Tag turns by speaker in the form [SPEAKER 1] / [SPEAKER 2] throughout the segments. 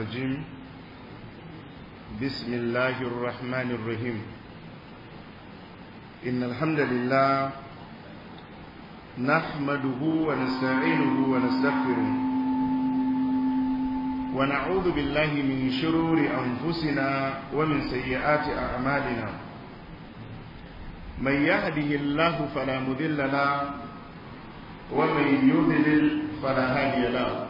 [SPEAKER 1] الرجيم بسم الله الرحمن الرحيم إن الحمد لله نحمده ونستعينه ونستغفره ونعوذ بالله من شرور أنفسنا ومن سيئات أعمالنا من يهده الله فلا مذل له ومن يذلل فلا هادي له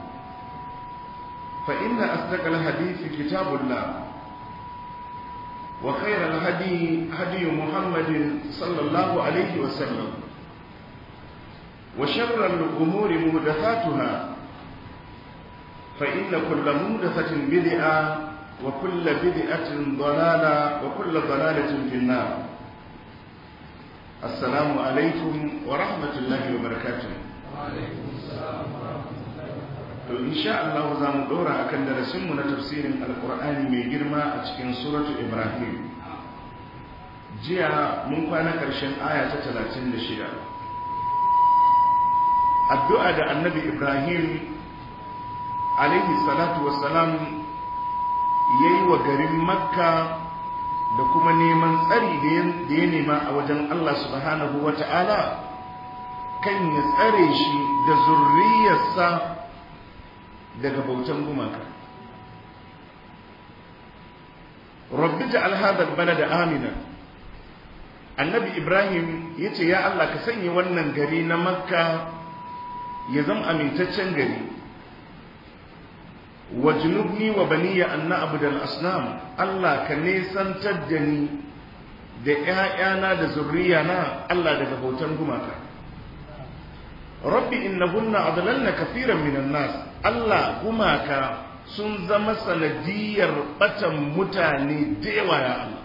[SPEAKER 1] فإن أصدق الحديث كتاب الله وخير الهدي هدي محمد صلى الله عليه وسلم وشر الأمور مهدفاتها فإن كل مهدفة بدعة وكل بدعة ضلالة وكل ضلالة في النار السلام عليكم ورحمة الله وبركاته
[SPEAKER 2] وعليكم السلام
[SPEAKER 1] to insha Allah za mu dora akan darasinmu na tafsirin alkur'ani mai girma a cikin suratu ibrahim jiya mun kwana ƙarshen aya ta 36 addu'a da annabi ibrahim alaihi salatu wassalam ya yi wa garin makka da kuma neman tsari da ya nema a wajen Allah subhanahu wa ta'ala kan ya tsare shi da zurriyarsa daga bautan gumaka rabbi ja'al hadha balada amina annabi ibrahim yace ya Allah ka sanya wannan gari na makka ya zama amintaccen gari wajnubni wa baniya an na'budu al-asnam Allah ka nesantar da ni da ‘ya'yana da zurriyana Allah daga bautan gumaka. Rabbi innahunna adlalna kafiran minan nas Allah gumaka sun zama sanadiyar batan mutane da yawa ya Allah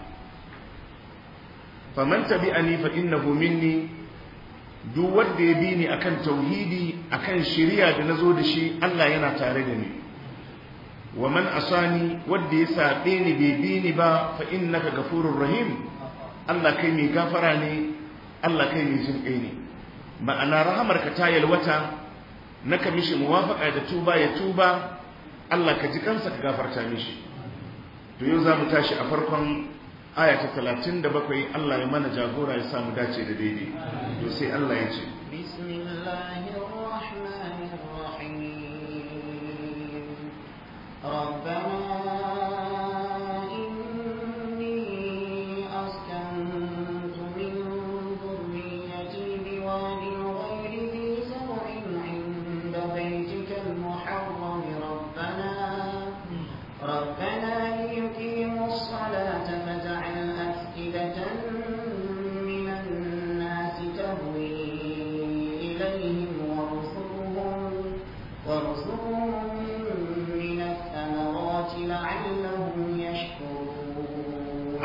[SPEAKER 1] faman tabi'ani fa innahu minni duk wanda ya bi ni akan tauhidi akan shari'a da nazo da shi Allah yana tare da ni wa man asani wanda ya saɓe ni bai bi ni ba fa innaka ghafurur rahim Allah kai mai gafara ne Allah kai mai jin ne ma'ana ka ta wata? na ka mishi muwafaka da tuba ya tuba Allah ka ji kansa ka gafarta mishi to yau za mu tashi a farkon aya ta 37 Allah ya mana jagora ya samu dace da daidai to sai Allah ya ce
[SPEAKER 3] bismillahir rahmanir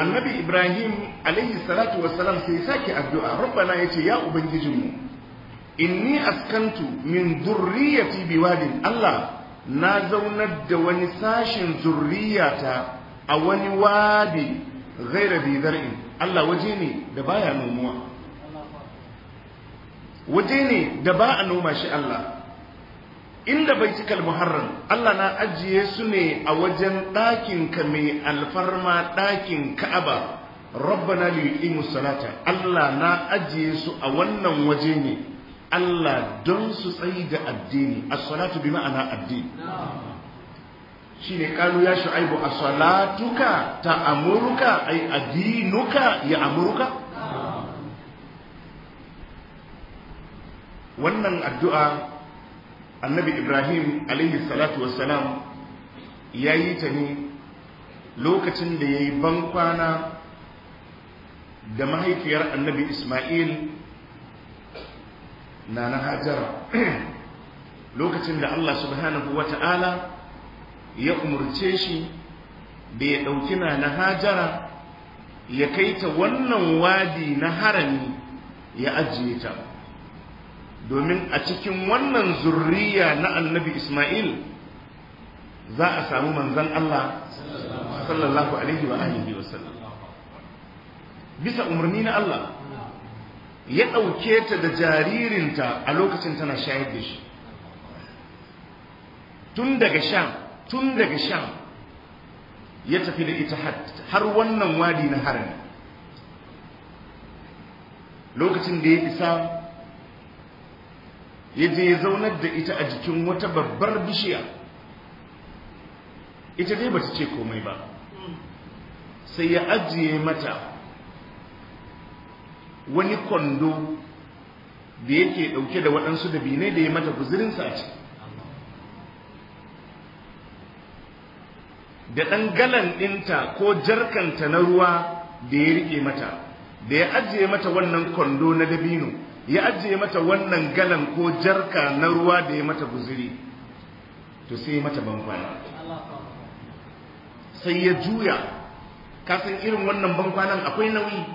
[SPEAKER 3] annabi
[SPEAKER 1] ibrahim alaihi salatu wassalam sai sake addu'a rabbana yace ya ubangijinmu inni askantu min zurriyati biwadin allah na zaunar da wani sashin zurriyata a wani wadi ghaira bi zar'in allah waje ne da baya nomuwa waje ne da ba a noma shi allah inda baitikal muharram Allah na ajiye su ne a wajen ɗakinka mai alfarma ɗakin Ka'aba rabbana li yuqimu salata Allah na ajiye su a wannan waje ne Allah don su tsayi da addini as-salatu bi ma'ana addini shine kanu ya shu'aibu as-salatuka ta'amuruka ay adinuka ya amuruka wannan addu'a annabi ibrahim alaihi salatu wassalam ya yi ta ne lokacin da ya yi bankwana da mahaifiyar annabi ismail na na hajara lokacin da allah subhanahu wa ta'ala ya umarce shi da ya ɗauki na na hajara ya kai ta wannan wadi na harami ya ajiye ta domin a cikin wannan zurriya na annabi Ismail za a samu manzan Allah sallallahu alaihi wa alihi wa sallam bisa umarni na Allah ya ɗauke ta da jaririnta a lokacin tana shayar da shi tun daga sham tun daga sham ya tafi da ita har wannan wadi na harin. lokacin da ya isa ya je ya zaunar da ita a jikin wata babbar bishiya ita dai bata ce komai ba sai ya ajiye mata wani kwando da yake dauke da waɗansu dabinai da ya mata guzirin a ciki da ɗan galan ɗinta ko jarkanta na ruwa da ya riƙe mata da ya ajiye mata wannan kwando na dabino ya ajiye mata wannan galan ko jarka na ruwa da ya mata guziri to sai mata bankwana sai ya juya kasan irin wannan bankwanan akwai nauyi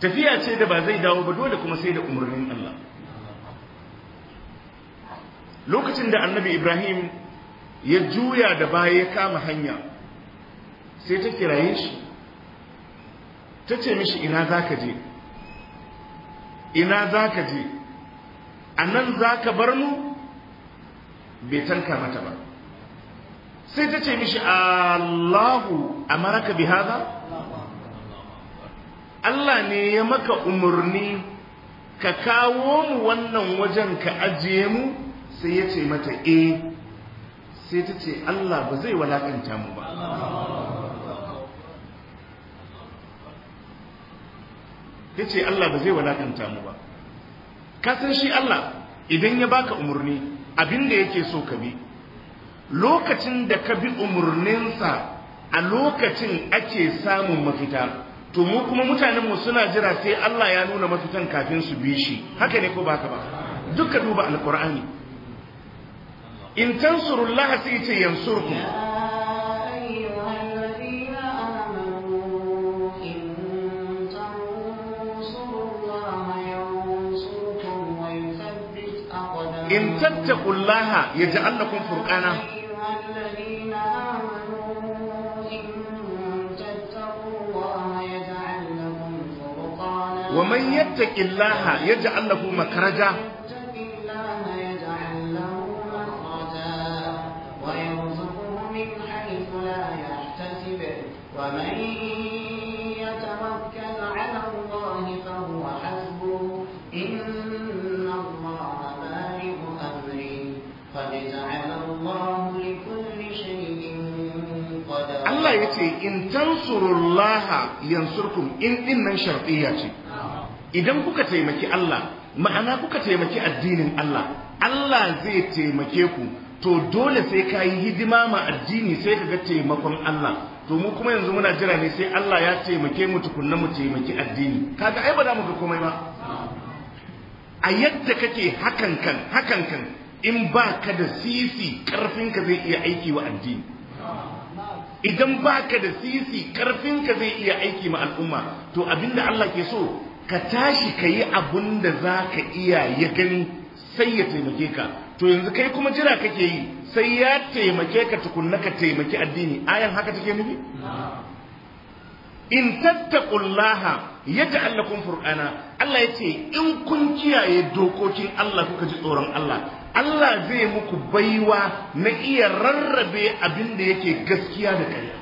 [SPEAKER 1] tafiya ce da ba zai dawo ba dole kuma sai da umarnin Allah lokacin da annabi Ibrahim ya juya da baya ya kama hanya sai ta kiraye shi ta ce mishi ina za ka je ina za ka je a nan za ka bar mu bai tanka mata ba sai ta ce mishi allahu a maraka bi haza allah ne ya maka umarni ka kawo mu wannan wajen ka ajiye mu sai ya ce mata eh sai ta ce allah ba zai walakanta mu ba ya ce Allah ba zai walakanta mu ba ka san shi Allah idan ya baka umarni abin da yake so ka bi lokacin da ka bi umarninsa a lokacin ake samun mafita to mu kuma mutanen mu suna jira sai Allah ya nuna mafitan kafin su bi shi haka ne ko baka ba duka duba alqur'ani in tansurullaha sai ce yansurkum
[SPEAKER 3] in tattakullaha ya ji allakun furkana wa man yattaqillaha yaj'al lahu makraja
[SPEAKER 1] yansurkum in din nan sharfiya ce idan kuka taimaki Allah ma'ana kuka taimaki addinin Allah Allah zai taimake ku to dole sai ka yi hidima ma addini sai ka ga taimakon Allah to mu kuma yanzu muna jira ne sai Allah ya taimake mu tukunna mu taimaki addini kaga ai ba za mu ga komai ba a yadda kake hakan kan hakan kan in ba ka da sisi karfinka zai iya aiki wa addini idan baka da sisi karfinka zai iya aiki ma al'umma to abinda Allah ke so ka tashi ka yi abun da za ka iya ya gani sai ya taimake ka to yanzu kai kuma jira kake yi sai ya taimake ka tukunna ka taimaki addini ayan haka take nufi in tattaqullaha yaj'al lakum furqana Allah yace in kun kiyaye dokokin Allah kuka ji tsoron Allah Allah zai muku baiwa na iya rarrabe abin da yake gaskiya da ƙarya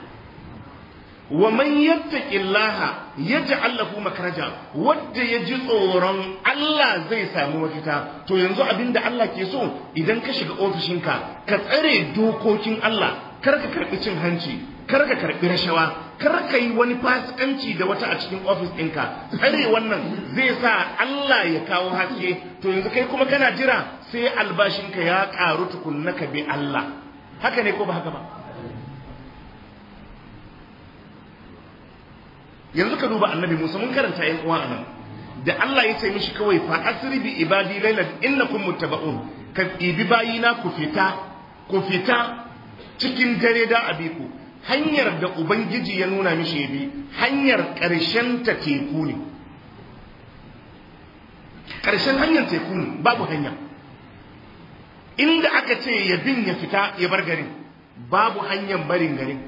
[SPEAKER 1] wa man yattaqillaha yaj'al lahu makraja wanda ji tsoron Allah zai samu mafita to yanzu abinda Allah ke so idan ka shiga ofishinka ka tsare dokokin Allah kar ka karbi cin hanci kar ka karbi rashawa kar ka yi wani fasikanci da wata a cikin ofis ɗinka tsare wannan zai sa Allah ya kawo haske to yanzu kai kuma kana jira sai albashinka ya karu tukunna ka bi Allah haka ne ko ba haka ba yanzu ka duba annabi Musa mun karanta yin uwa anan da Allah ya sai mishi kawai fa asri bi ibadi lailan innakum muttaba'un ka ibi bayina ku fita ku fita cikin dare da abiku hanyar da ubangiji ya nuna mishi ya bi hanyar karshen ta teku ne Karshen hanyar teku ne babu hanya inda aka ce ya bin ya fita ya bar garin babu hanyar barin garin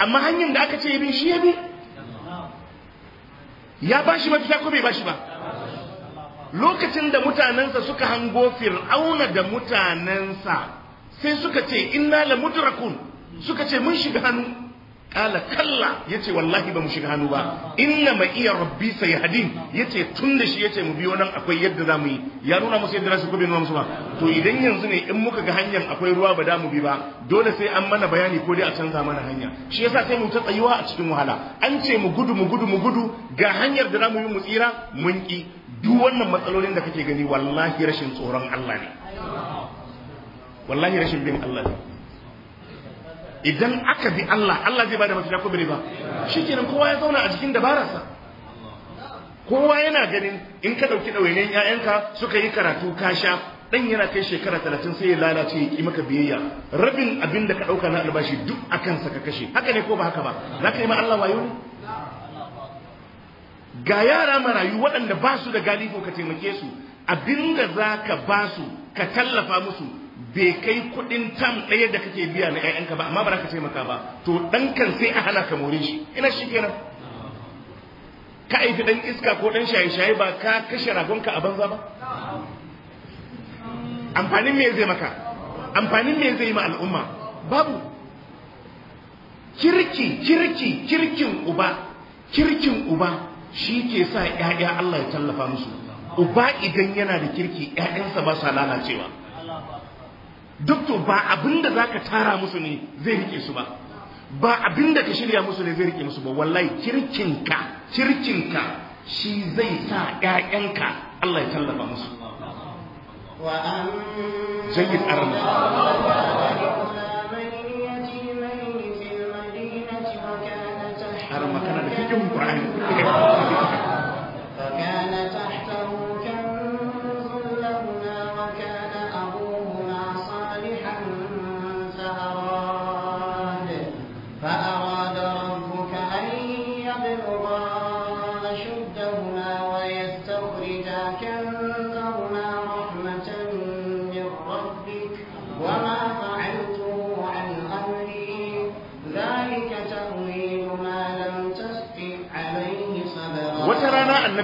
[SPEAKER 1] amma hanyar da aka ce ya bin shi ya bi ya ba shi mafita ko bai ba shi ba lokacin da mutanensa suka hango fir'auna da mutanensa sai suka ce inna la mudrakun suka ce mun shiga hannu kala kalla yace wallahi ba mu shiga hannu ba inna ma iya rabbi sai hadin, yace tun da shi yace mu biyo nan akwai yadda za mu yi ya nuna musu yadda su kubi nuna musu ba to idan yanzu ne in muka ga hanyar akwai ruwa ba da mu bi ba dole sai an mana bayani ko dai a canza mana hanya shi yasa sai mu ta tsayuwa a cikin wahala an ce mu gudu mu gudu mu gudu ga hanyar da za mu yi mu tsira mun ki duk wannan matsalolin da kake gani wallahi rashin tsoron Allah ne wallahi rashin bin Allah ne idan aka bi Allah Allah zai bada mafita ko bai ba Shi kenan kowa ya zauna a jikin dabararsa kowa yana ganin in ka dauki ɗawainiyar 'ya'yanka suka yi karatu ka sha dan yana kai shekara 30 sai ya lalace ya ki maka biyayya rabin abin da ka dauka na albashi duk akan sa ka kashe haka ne ko ba haka ba zaka yi ma Allah wayo ga yara marayu waɗanda ba su da galihu ka taimake su abinda za ka ba su ka tallafa musu bai kai kuɗin tam ɗaya da kake biya na ƴaƴanka ba amma ba ka taimaka ba to dan kan sai a hana ka more shi ina shi kenan ka aiki dan iska ko dan shaye-shaye ba ka kashe ragonka a banza ba amfanin me zai maka amfanin me zai ma al'umma babu kirki kirki kirkin uba kirkin uba shi ke sa ‘ya'ya Allah ya tallafa musu, uba idan yana da kirki ‘ya'yansa ba sa lalacewa. doctor ba abin da zaka tara musu ne zai rike su ba ba abin da ka shirya musu ne zai rike musu ba wallahi kirkinka kirkinka shi zai sa ƴaƴanka Allah ya tallafa musu jayyid arna
[SPEAKER 3] har kana da cikin qur'ani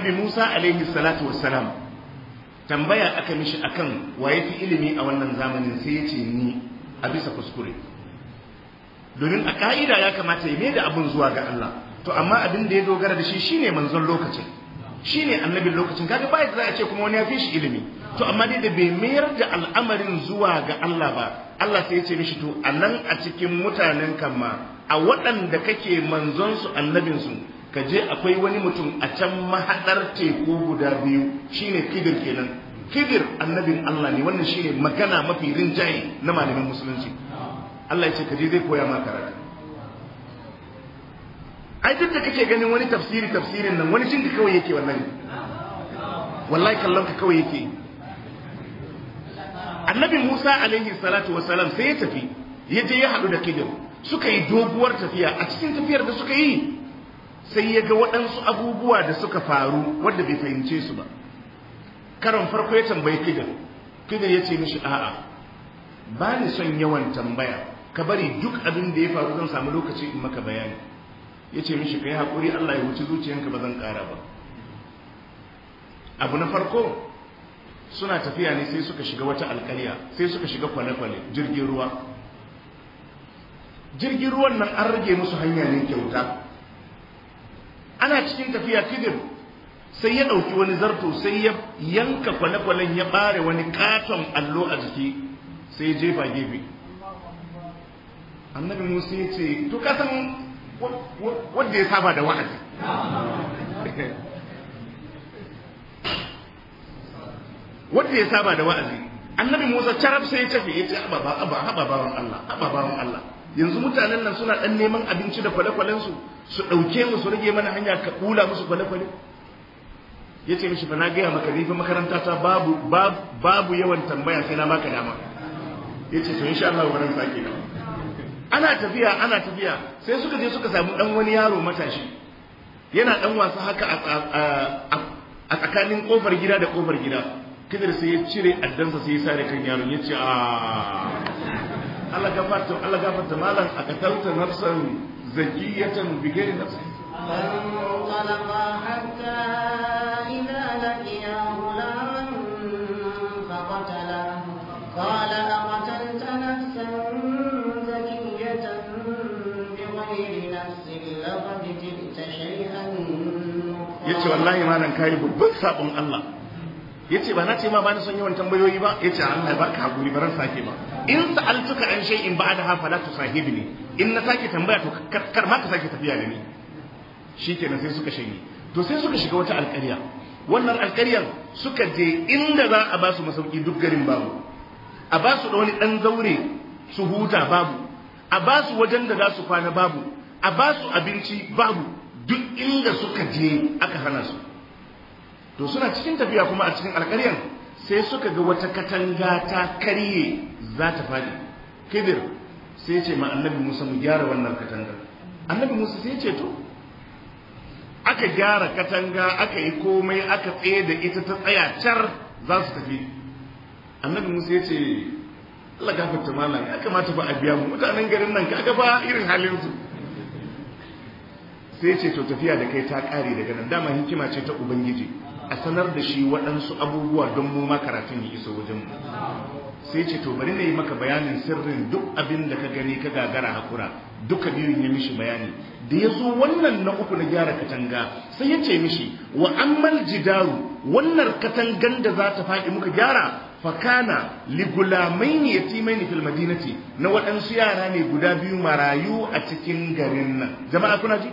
[SPEAKER 1] annabi Musa alaihi salatu wassalam tambaya aka mishi akan waye fi ilimi a wannan zamanin sai ya ce ni a bisa kuskure domin a ka'ida ya kamata ya da abun zuwa ga Allah to amma abin da ya dogara da shi shine manzon lokacin shine annabin lokacin kaga ba yadda za a ce kuma wani ya fi shi ilimi to amma dai da bai mayar da al'amarin zuwa ga Allah ba Allah sai ya ce mishi to anan a cikin mutanen kan ma a waɗanda kake manzon su annabin su Kaje akwai wani mutum a can mahadar teku guda biyu shine kidir kenan kidir annabin Allah ne wannan shine magana mafi rinjaye na malamin musulunci Allah ya ce kaje zai koya maka karatu ai duk da kake ganin wani tafsiri tafsirin nan wani jinka kawai yake wannan. wallahi kallon ka kawai yake annabi Musa alaihi salatu wasalam sai ya tafi ya je ya haɗu da kidir suka yi doguwar tafiya a cikin tafiyar da suka yi sai ya ga waɗansu abubuwa da suka faru wadda bai fahimce su ba karon farko ya tambayi kidan kidan ya ce mishi a'a ba ni son yawan tambaya ka bari duk abin da ya faru zan samu lokaci in maka bayani ya ce mishi yi haƙuri allah ya wuce zuciyanka ba zan ƙara ba abu na farko suna tafiya ne sai suka shiga wata alƙarya sai suka shiga kwale-kwale jirgin ruwa jirgin ruwan nan an rage musu hanya ne kyauta ana cikin tafiya kidir sai ya ɗauki wani zarto sai ya yanka kwale-kwalen ya ɓare wani katon allo a jiki sai ya jefa gefe annabi musa ya ce to kasan wanda ya saba da wa'azi wanda ya saba da wa'azi annabi musa carab sai ya tafi ya ce ababawan allah ababawan allah yanzu mutanen nan suna dan neman abinci da kwale-kwalen su su dauke mu su rage mana hanya ka kula musu kwale-kwale yace mishi fa na ga maka fa makaranta ta babu babu yawan tambaya sai na maka dama yace to insha Allah wannan sake ana tafiya ana tafiya sai suka je suka samu dan wani yaro matashi yana dan wasa haka a tsakanin kofar gida da kofar gida kidir sai ya cire addansa sai ya sare kan yaron yace a ah. Allah gafarta Allah malam a katalta nafsan zakiyatan bi ghairi nafsin فانطلقا حتى إذا لقيا غلاما
[SPEAKER 3] فقتله قال أقتلت نفسا
[SPEAKER 1] yace ba na ce ma ba ni son yawan tambayoyi ba yace Allah ya baka hakuri baran sake ba in sa'altuka an da ba'da ha fala tusahibni in na sake tambaya to kar ma ka sake tafiya da ni shikenan sai suka shige to sai suka shiga wata alƙarya wannan alƙaryar suka je inda za a ba su masauki duk garin babu a ba su da wani ɗan zaure su huta babu a ba su wajen da za su kwana babu a ba su abinci babu duk inda suka je aka hana su to suna cikin tafiya kuma a cikin alƙaryan sai suka ga wata katanga ta karye za ta faɗi kibir sai ce ma annabi musa mu gyara wannan katangar annabi musa sai ce to aka gyara katanga aka yi komai aka tsaye da ita ta tsaya car za su tafi annabi musa ya ce Allah gafarta malam ya kamata ba a biya mu mutanen garin nan kaga ba irin halin su sai ce to tafiya da kai ta kare daga nan dama hikima ce ta ubangiji a sanar da shi waɗansu abubuwa don mu makaratun ya iso wajen mu sai ce to bari na yi maka bayanin sirrin duk abin da ka gani ka gagara hakura duka biyun ya mishi bayani da ya so wannan na uku na gyara katanga sai ya ce mishi wa ammal jidaru wannan katangan da za ta faɗi muka gyara fakana ligulamai ne ya timai ne fil madinati na waɗansu yara ne guda biyu marayu a cikin garin nan jama'a kuna ji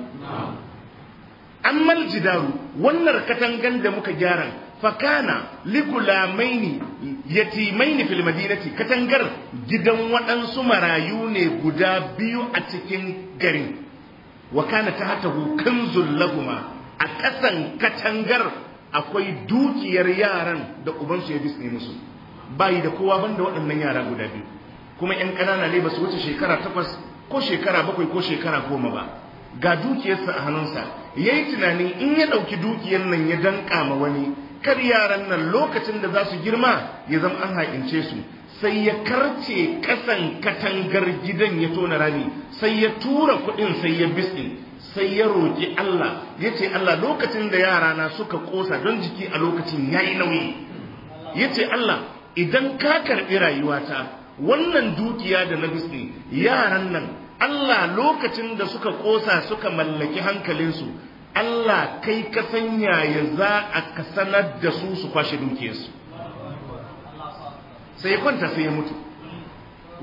[SPEAKER 1] ammal jidaru wannan katangan da muka gyara fakana likulamaini yatimaini fil madinati katangar gidan waɗansu marayu ne guda biyu a cikin garin wa kana hata kanzul laguma. a ƙasan katangar akwai dukiyar yaran da ubansu ya bisne musu bayi da kowa banda waɗannan yara guda biyu kuma 'yan ƙanana ne ba su wuce shekara takwas ko shekara bakwai ko shekara goma ba ga dukiyarsa a hannunsa ya yi tunani in ya ɗauki dukiyar nan ya danƙa ma wani kar yaran nan lokacin da za su girma ya zama an haƙince su sai ya karce ƙasan katangar gidan ya tona rami sai ya tura kuɗin sai ya bisin sai ya roƙi Allah ya ce Allah lokacin da yarana suka ƙosa don jiki a lokacin ya yi nauyi ya ce Allah idan ka karɓi rayuwata wannan dukiya da na bisɗin yaran nan Allah lokacin da suka kosa suka mallaki hankalinsu Allah kai ka sanya ya za a ka sanar da su su kwashe dukiyarsu sai kwanta sai ya mutu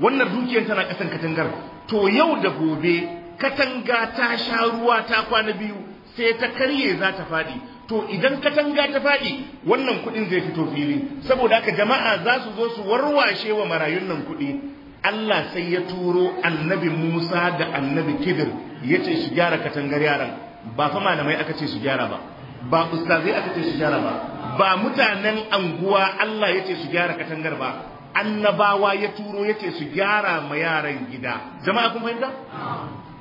[SPEAKER 1] wannan dukiyar tana kasan katangar to yau da gobe katanga ta sha ruwa ta kwana biyu sai ta karye za ta faɗi to idan katanga ta faɗi wannan kuɗin zai fito fili saboda haka jama'a za su zo su warwashe wa marayun nan kuɗi Allah sai ya turo annabi Musa da annabi Kidir ya ce su gyara katangar yaran ba fa malamai aka ce su gyara ba ba ustazai aka ce su gyara ba ba mutanen anguwa Allah ya ce su gyara katangar ba annabawa ya turo ya ce su gyara ma yaran gida jama'a kun fahimta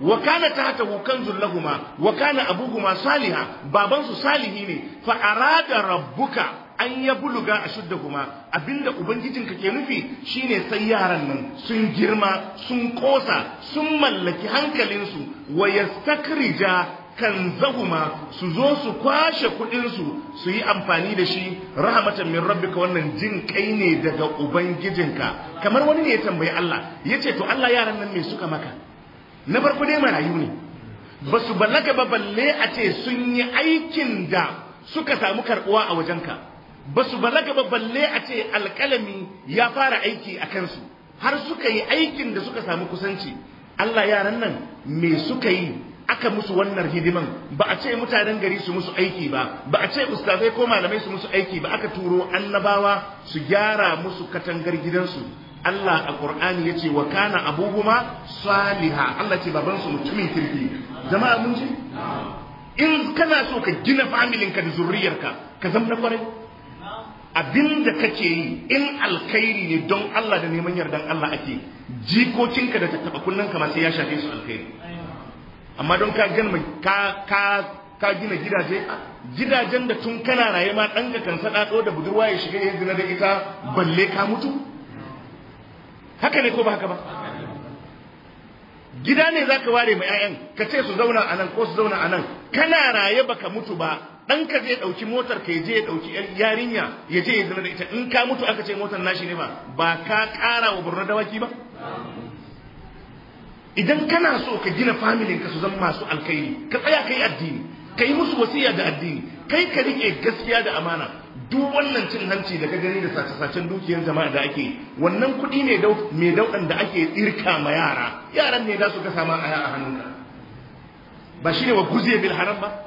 [SPEAKER 1] wa kana tahtahu kanzul lahumu wa kana abuhuma saliha. Babansu salihi ne fa arada rabbuka an ya buluga a shudda kuma abinda ka ke nufi shine sai yaran nan sun girma sun kosa sun mallaki hankalinsu wa yastakrija zahuma su zo su kwashe kudinsu su yi amfani da shi rahmatan min rabbika wannan jin kai ne daga ubangijinka kamar wani ne ya tambayi Allah ya ce to Allah yaran nan me suka maka na farko dai marayu ne Ba su balaga ba balle a ce sun yi aikin da suka samu karbuwa a wajenka ba su balaga ba balle a ce alƙalami ya fara aiki a kansu har suka yi aikin da suka samu kusanci Allah yaran nan me suka yi aka musu wannan hidiman ba a ce mutanen gari su musu aiki ba ba a ce ustazai ko malamai su musu aiki ba aka turo annabawa su gyara musu katangar gidansu Allah a Qur'ani yace wa kana abuhuma saliha Allah ce babansu mutumin kirki jama'a mun ji in kana so ka gina familinka da zurriyarka ka zama na kwarai Abin da kake yi in alkhairi ne don Allah da neman yardan Allah ake jikokinka da tattaba kullun kamar sai ya shafe su alkhairi amma don ka gina ka ka ka gina gidaje gidajen da tun kana raye ma dan ka kan sadado da budurwa ya shiga ya gina da ita balle ka mutu haka ne ko ba haka ba gida ne zaka ware mai 'ya'yan ka ce su zauna anan ko su zauna anan kana raye baka mutu ba ɗanka zai ɗauki motar ka je ya ɗauki yarinya ya je ya zina da ita in ka mutu aka ce motar nashi ne ba ba ka ƙara wa burna dawaki ba idan kana so ka gina familin ka su zama masu alkhairi ka tsaya ka yi addini ka yi musu wasiya da addini kai ka riƙe gaskiya da amana duk wannan cin hanci da ka gani da sace-sacen dukiyar jama'a da ake wannan kuɗi ne mai dauɗan da ake irka ma yara yaran ne za su ga sama a hannunka ba shine wa guzi bil haram ba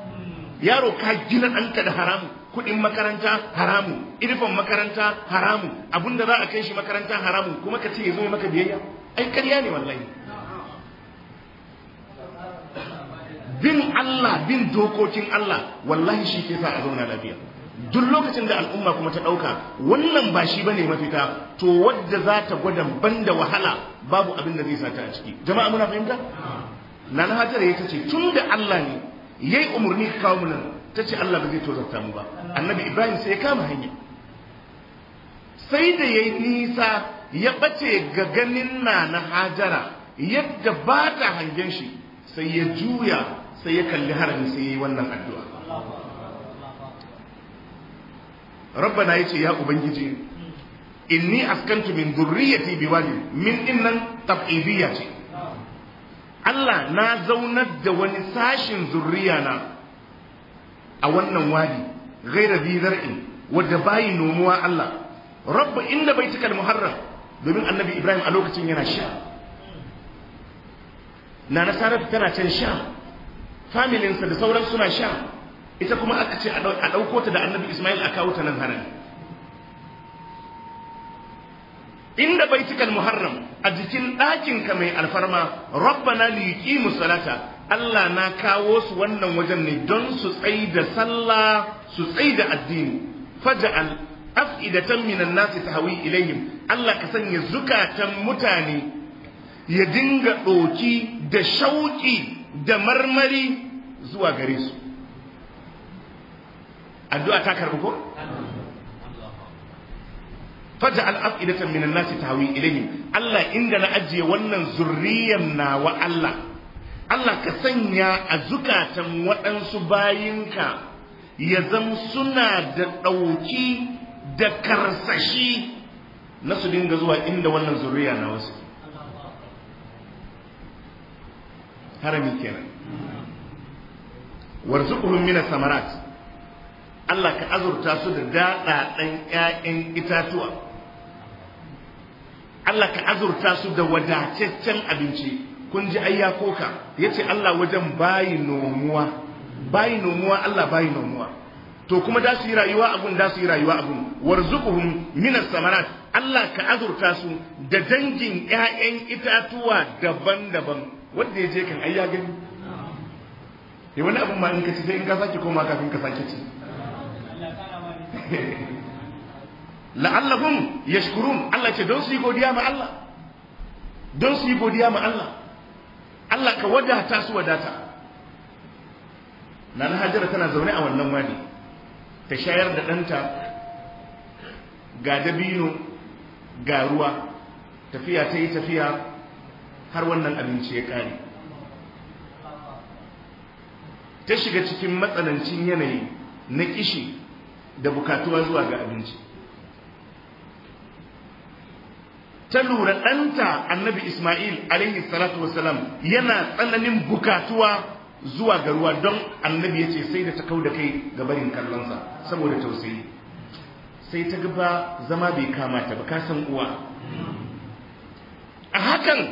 [SPEAKER 1] yaro ka gina ɗanka da haramu kuɗin makaranta haramu irifan makaranta haramu abun da za a kai shi makaranta haramu kuma ka ce ya maka biyayya ai ƙarya ne wallahi bin Allah bin dokokin Allah wallahi shi ke sa a zauna lafiya duk lokacin da al'umma kuma ta ɗauka wannan ba shi bane mafita to wadda za ta gwada banda wahala babu abin da zai sa ta a ciki jama'a muna fahimta nana hajara ya ce tun da Allah ne yayi umarni ka kawo mana tace Allah ba zai tozarta mu ba annabi Ibrahim sai ya kama hanya sai da yayi nisa ya bace ga ganin na na Hajara yadda ba ta hangen shi sai ya juya sai ya kalli harami sai yayi wannan addu'a rabbana yace ya ubangiji inni askantu min dhurriyyati biwadi min innan tab'idiyya ce Allah na zaunar da wani sashin zurriya na a wannan wadi Gaira bi zar'in wadda bayi nomuwa Allah rabbu inda baitukal muharram domin annabi Ibrahim a lokacin yana sha na nasarar tana can sha familinsa da sauran suna sha ita kuma aka ce a ɗauko ta da annabi Ismail a kawo ta nan harami inda baitukan muharram a jikin ɗakinka mai alfarma rabbana li yuqimu salata Allah na kawo su wannan wajen ne don su tsaida da sallah su tsai da addini faj'al af'idatan minan nasi tahwi ilayhim Allah ka sanya zukatan mutane ya dinga ɗoki da shauƙi da marmari zuwa gare su addu'a ta karɓi ko faj'al af'idatan minan nasi tahwi ilayhim Allah inda na ajiye wannan zurriyan nawa Allah Allah ka sanya a zukatan waɗansu bayinka ya zama suna da ɗauki da karsashi na su dinga zuwa inda wannan zurriya na wasu harami kenan warzuquhum min samarat Allah ka azurta su da daɗaɗɗen ƴaƴan itatuwa Allah ka azurta su da wadataccen abinci kun ji ai ya koka yace Allah wajen bayi nomuwa bayi nomuwa Allah bayi nomuwa to kuma da su yi rayuwa abun da su yi rayuwa abun warzuquhum minas samarat Allah ka azurta su da dangin ƴaƴan itatuwa daban-daban wanda ya je kan ayya gani eh wani abun ma in ka ci sai in ka sake koma kafin ka sake ci la'allahum yashkurun Allah ce don su yi godiya ma Allah don su yi godiya ma Allah Allah ka wadata su wadata nan hajara tana zaune a wannan wani ta shayar da ɗanta ga dabino ga ruwa tafiya ta yi tafiya har wannan abinci ya ƙare ta shiga cikin matsanancin yanayi na kishi da bukatuwa zuwa ga abinci ta lura ɗanta annabi Ismail alaihi salatu wasalam yana tsananin bukatuwa zuwa ga ruwa don annabi ya ce sai da ta kau da kai ga barin kallonsa saboda tausayi sai ta gaba zama bai ta, ba kasan uwa a hakan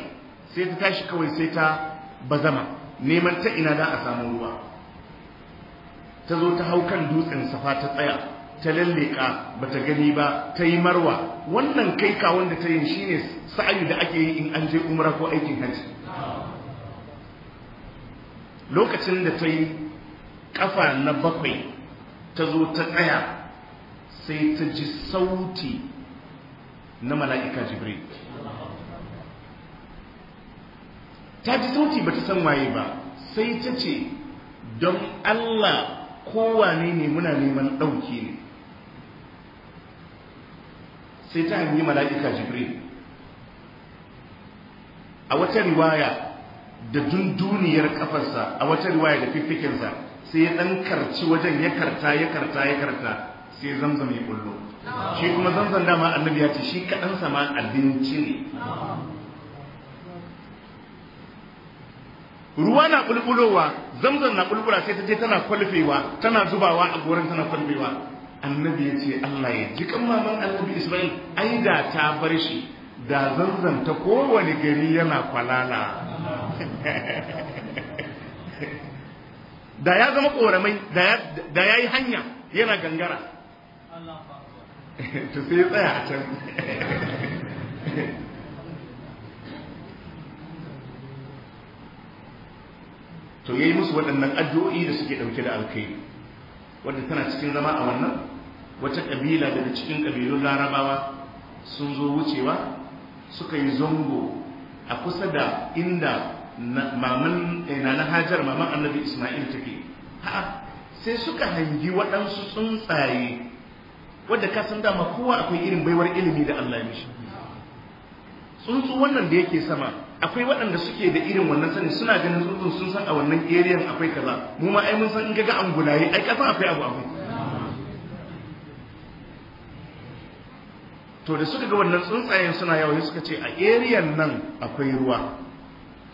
[SPEAKER 1] sai ta tashi kawai sai ta bazama neman ta ina za a samu ruwa ta zo ta hau kan dutsen safa ta tsaya ta lalleka ta gani ba ta yi marwa wannan kai ka wanda ta yin shine sa'ayi da ake yi in an je umra ko aikin hajji lokacin da ta yi kafa na bakwai ta zo ta tsaya sai ta ji sauti na mala'ika jibril ta ji sauti ba ta san waye ba sai ta ce don allah kowane ne muna neman ɗauki ne sai ta hanyi mala'ika jibril a wata riwaya da dunduniyar kafarsa a wata riwaya da fiffikinsa, sai ya dan karci wajen ya karta ya karta ya karta sai zamzam ya kullo shi kuma zamzam dama annabi ya ce shi kaɗan sama abinci ne ruwa na bulbulowa zamzam na bulbula sai ta je tana kwalfewa tana zubawa a goron tana kwalfewa annabi ya ce Allah ya ji kan maman annabi Isra'il ai da ta bar shi da zanzanta kowane gari yana kwalala da ya zama koramai da ya yi hanya yana gangara to sai tsaya a can to yi musu waɗannan addu'o'i da suke ɗauke da alkai wadda tana cikin zama a wannan wata ƙabila daga cikin kabilun larabawa sun zo wucewa suka yi zango a kusa da inda maman eh, na hajar maman annabi isma'il take ha'a sai suka hangi waɗansu tsuntsaye wadda ka san dama kowa akwai irin baiwar ilimi da Allah ya mishi tsuntsu wannan da yake sama akwai waɗanda suke da irin wannan sani suna ganin tsuntsun sun san a wannan eriyan akwai kaza mu ma ai mun san in ga an gulaye ai kasan akwai abu akwai to da suka ga wannan tsuntsayen suna yawo suka ce a eriyan nan akwai ruwa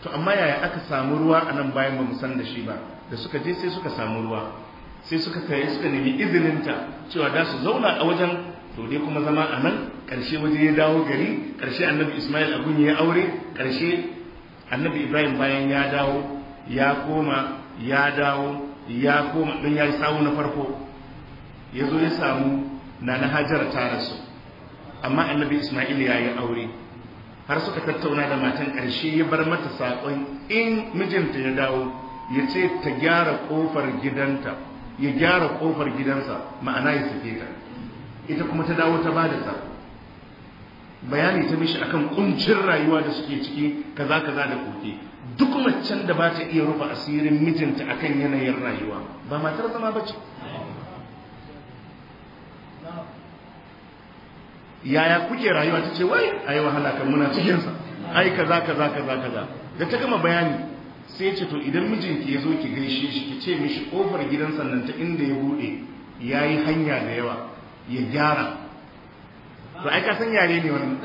[SPEAKER 1] to amma yaya aka samu ruwa a nan bayan ba mu san da shi ba da suka je sai suka samu ruwa sai suka kai suka nemi ta cewa da su zauna a wajen to dai kuma zama a nan ƙarshe waje ya dawo gari ƙarshe annabi ismail abun ya aure ƙarshe annabi ibrahim bayan ya dawo ya koma ya dawo ya koma ɗin ya yi samu na farko ya zo ya samu na na hajar ta rasu amma annabi ismail ya yi aure har suka tattauna da matan ƙarshe ya bar mata saƙon in mijinta ya dawo ya ce ta gyara ƙofar gidanta ya gyara ƙofar gidansa ma'ana ya sake ta ita kuma ta dawo ta bada sa bayani ta mishi akan kuncin rayuwa da suke ciki kaza kaza da koke duk macen da ba ta iya rufe asirin mijinta akan yanayin rayuwa ba matar zama ba ce yaya kuke rayuwa ta ce wai yi wahala kan muna cikinsa ai kaza kaza kaza kaza da ta gama bayani sai ce to idan mijinki ya zo ki gaishe shi ki ce mishi kofar gidansa nan ta inda ya bude yayi hanya da yawa ya gyara to ai san yare ne wannan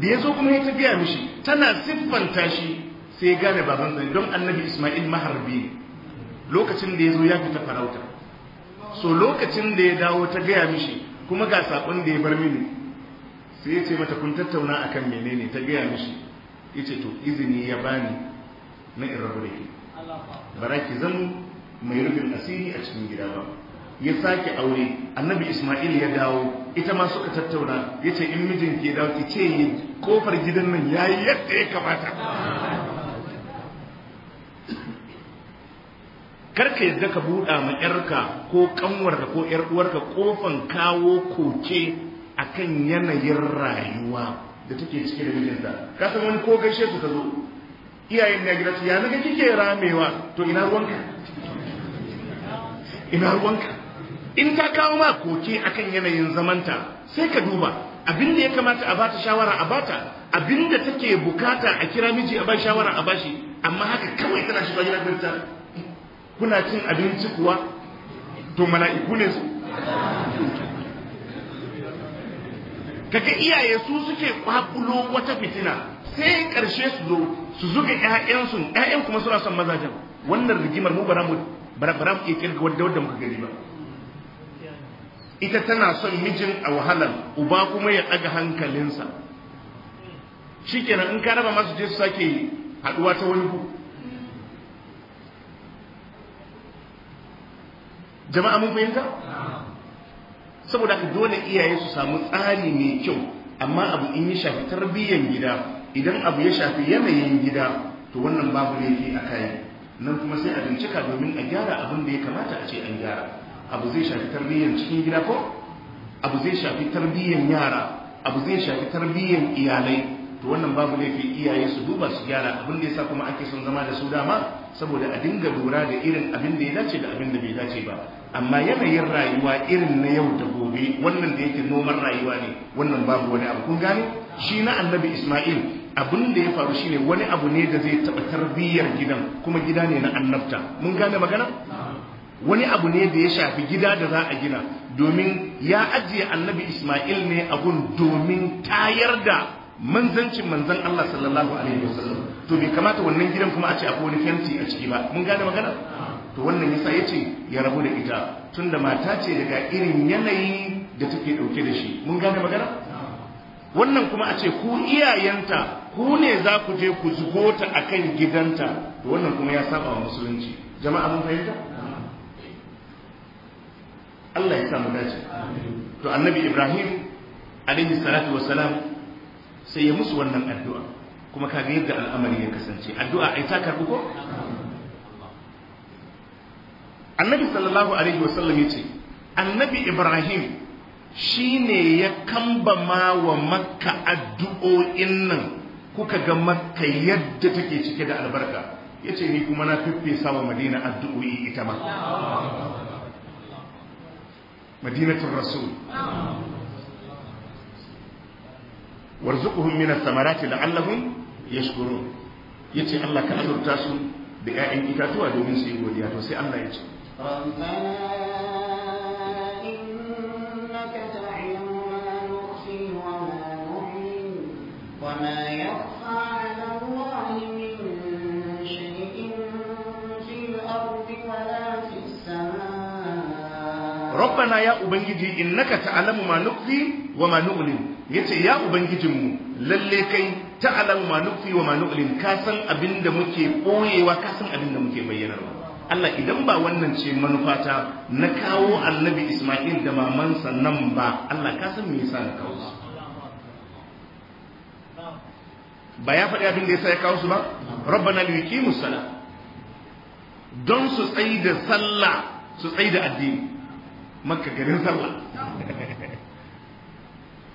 [SPEAKER 1] da yazo kuma ya tafiya mishi tana siffanta shi sai ya gane baban sa don annabi Isma'il maharbi lokacin da yazo ya fita farauta so lokacin da ya dawo ta gaya mishi kuma ga sakon da ya bar mini sai ya ce mata kun tattauna a akan menene ta gaya mishi yace to izini ya bani na irabu da ke bara zan mai rufin asiri a cikin gida ba ya sake aure annabi isma'il ya dawo ita ma suka tattauna ya ce in mijin ke dawo ki ce yi kofar gidan nan ya yi yadda ya kamata karka yadda ka buɗa ma yarka ko kanwarka ko ƴar uwarka kofan kawo koke akan yanayin rayuwa da take cike da mijinta ka san wani ko gaishe su ka zo iyayen na gida ya naga kike ramewa to ina ruwanka ina ruwanka in ta kawo ma koke akan yanayin zamanta sai ka duba abin da ya kamata a bata shawara a bata abin da take bukata a kira miji a bai shawara a bashi amma haka kawai tana shiga gidan birta kuna cin abinci kuwa to mala'iku ne su kaga iyaye su suke kwakulo wata fitina sai karshe su zo su zuga ƴaƴansu ƴaƴan kuma suna son mazajen wannan rigimar mu bara mu bara mu ke kirga wadda wadda muka gani ba ita tana son mijin a wahalar uba kuma ya ɗaga hankalinsa shi kenan in ka raba masu je su sake haɗuwa ta wani ku jama'a mun fahimta saboda haka dole iyaye su samu tsari mai kyau amma abu in ya shafi tarbiyyar gida idan abu ya shafi yanayin gida to wannan babu laifi a kayan nan kuma sai a bincika domin a gyara abin da ya kamata a ce an gyara abu zai shafi tarbiyyar cikin gida ko abu zai shafi tarbiyyar yara abu zai shafi tarbiyyar iyalai to wannan babu laifi iyaye su duba su gyara abin da yasa kuma ake son zama da su dama saboda a dinga lura da irin abin da ya dace da abin da bai dace ba amma yanayin rayuwa irin na yau da gobe wannan da yake noman rayuwa ne wannan babu wani abu kun gane shi na annabi isma'il abin da ya faru shine wani abu ne da zai taɓa tarbiyyar gidan kuma gida ne na annabta mun gane magana wani abu ne da ya shafi gida da za a gina domin ya ajiye annabi Ismail ne abun domin tayar da manzancin manzan Allah sallallahu alaihi wasallam to bai kamata wannan gidan kuma a ce akwai wani fenti a ciki ba mun gane magana to wannan yasa ya ce ya rabu da ita tunda mata ce daga irin yanayi da take dauke da shi mun gane magana wannan kuma a ce ku iyayenta ku ne za ku je ku zubo ta akan gidanta to wannan kuma ya saba wa musulunci jama'a mun fahimta Allah ya samu dace to annabi Ibrahim alaihi salatu wassalam sai ya musu wannan addu'a kuma kaga yadda al'amari ya kasance addu'a ai ta karbu ko annabi sallallahu alaihi wasallam yace annabi Ibrahim shine ya kambama wa makka addu'o'in nan kuka ga makka yadda take cike da albarka yace ni kuma na fiffesa wa madina addu'o'i ita ma madinatul rasul warzuquhum min ath-thamarati la'allahum yashkurun yace Allah ka azurta su da 'ya'yan itatuwa domin su yi godiya to sai Allah ya ce rabbana ya ubangiji innaka ta'lamu ma nukfi wa ma nu'lin yace ya mu lalle kai ta'lamu ma nukfi wa ma nu'lin ka san abinda muke koyewa ka san abinda muke bayyanarwa Allah idan ba wannan ce manufata na kawo annabi Ismail da mamansa nan ba Allah ka san me yasa na kawo su ba ya faɗi abin da yasa ya kawo su ba rabbana liyuqimus sala don su tsayi da sallah su tsayi da addini makka garin sallah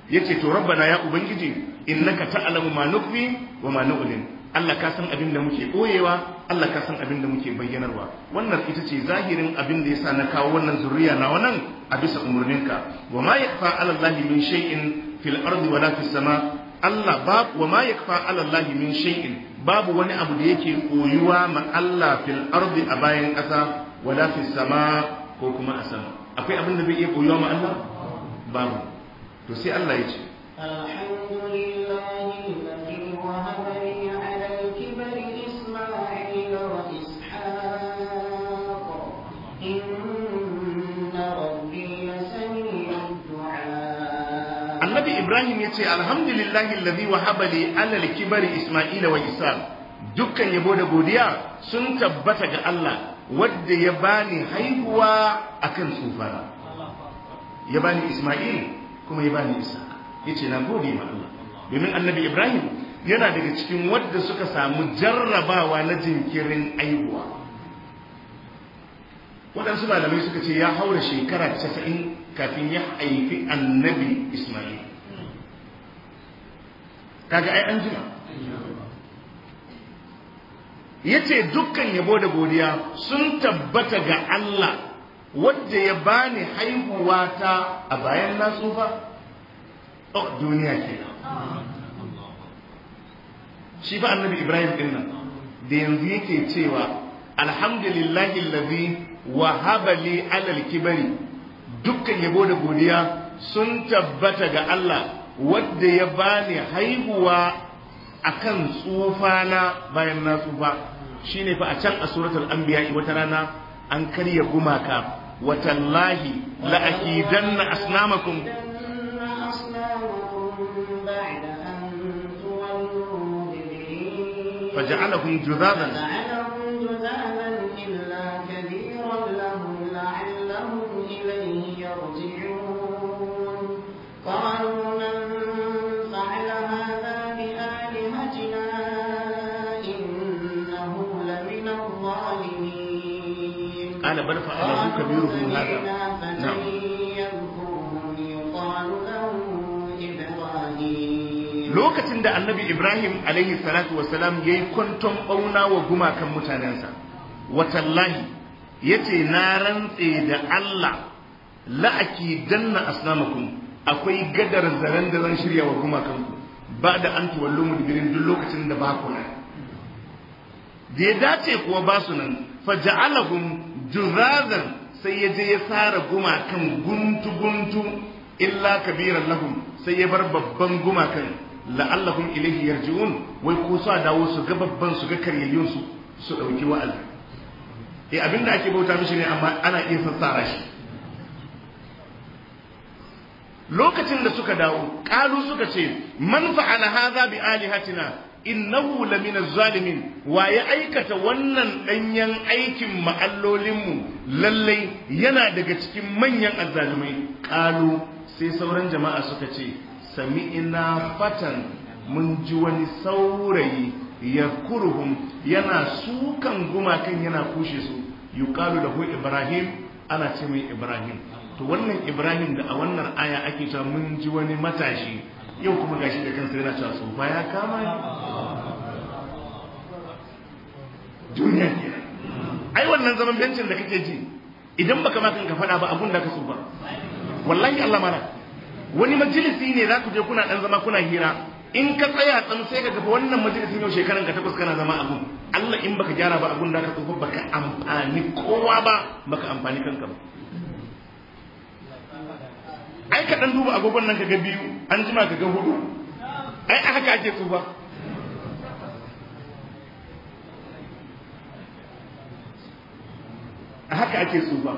[SPEAKER 1] yace to rabbana ya ubangiji innaka ta'lamu ma nukfi wa ma nu'lin Allah ka san abin da muke koyewa Allah ka san abin da muke bayyanarwa wannan ita ce zahirin abin da yasa na kawo wannan zuriya na wannan a bisa umurninka wa ma yakfa 'ala Allah min shay'in fil ardi wa la fis sama Allah ba wa ma yakfa 'ala Allah min shay'in babu wani abu da yake koyuwa ma Allah fil ardi a bayan wa wala fis sama ko kuma a sama akwai abin da bai iya koyo ma Allah mu to sai Allah ya ce
[SPEAKER 3] Annabi Ibrahim ya ce alhamdulillahi
[SPEAKER 1] allazi wahaba li alal kibari Isma'ila wa Isa dukkan yabo da godiya sun tabbata ga Allah wadda ya bani haihuwa akan tsofara ya bani Isma'il kuma ya bani Isa ce na gode ma Allah domin annabi Ibrahim yana daga cikin wadda suka samu jarrabawa na jinkirin aihuwa waɗansu malamai suka ce ya haura shekara 90 kafin ya haifi annabi Isma'il kaga ai an jima Ya ce dukkan yabo da godiya sun tabbata ga Allah wanda ya bani haihuwa ta a bayan na tsufa oh duniya kenan shi ba annabi Ibrahim din nan da yanzu yake cewa alhamdulillahi allazi wahaba li alal kibari dukkan yabo da godiya sun tabbata ga Allah wadda ya bani haihuwa akan tsufana bayan na tsufa shine fa a can a suratul anbiya wata rana an karya gumaka watallahi la akidanna asnamakum
[SPEAKER 3] فجعلهم جذاذا قالوا
[SPEAKER 1] lokacin da annabi ibrahim alaihi salatu wasalam ya yi kwanton ɓauna wa gumakan mutanensa watallahi ya ce na rantse da allah la'aki danna asnamakum akwai gadar zaren da zan shirya wa gumakanku ba da an tuwallo birin duk lokacin da ba ku nan da ya dace kuwa ba su nan faja'alahum juzazan sai ya je ya tsara gumakan guntu-guntu illa kabiran lahum sai ya bar babban gumakan la'allahum ilaihi yarji'un wai ko sa dawo su ga babban su ga karyayyun su su dauki wa'azi eh da ake bauta mishi ne amma ana iya sassara shi lokacin da suka dawo kalu suka ce man fa'ala hadha bi alihatina innahu lamina zalimin wa ya aikata wannan danyen aikin ma'allolinmu lallai yana daga cikin manyan azzalumai kalu sai sauran jama'a suka ce sami'ina fatan mun ji wani saurayi ya kurhum yana sukan gumakan yana kushe su yuqalu lahu ibrahim ana ce mai ibrahim to wannan ibrahim da a wannan aya ake ta mun ji wani matashi yau kuma gashi da kansa yana cewa sun ya kama ni duniya ke ai wannan zaman bencin da kake ji idan baka ma kanka faɗa ba abun da ka tsufa wallahi Allah mana wani majalisi ne za ku je kuna dan zama kuna hira in ka tsaya tsam sai ka ga wannan majalisin yau shekaran ka takwas kana zama abun Allah in baka gyara ba abun da ka tsufa baka amfani kowa ba baka amfani kanka ba ai ka dan duba agogon nan kaga biyu an jima kaga hudu ai a haka ake tuba a haka ake tuba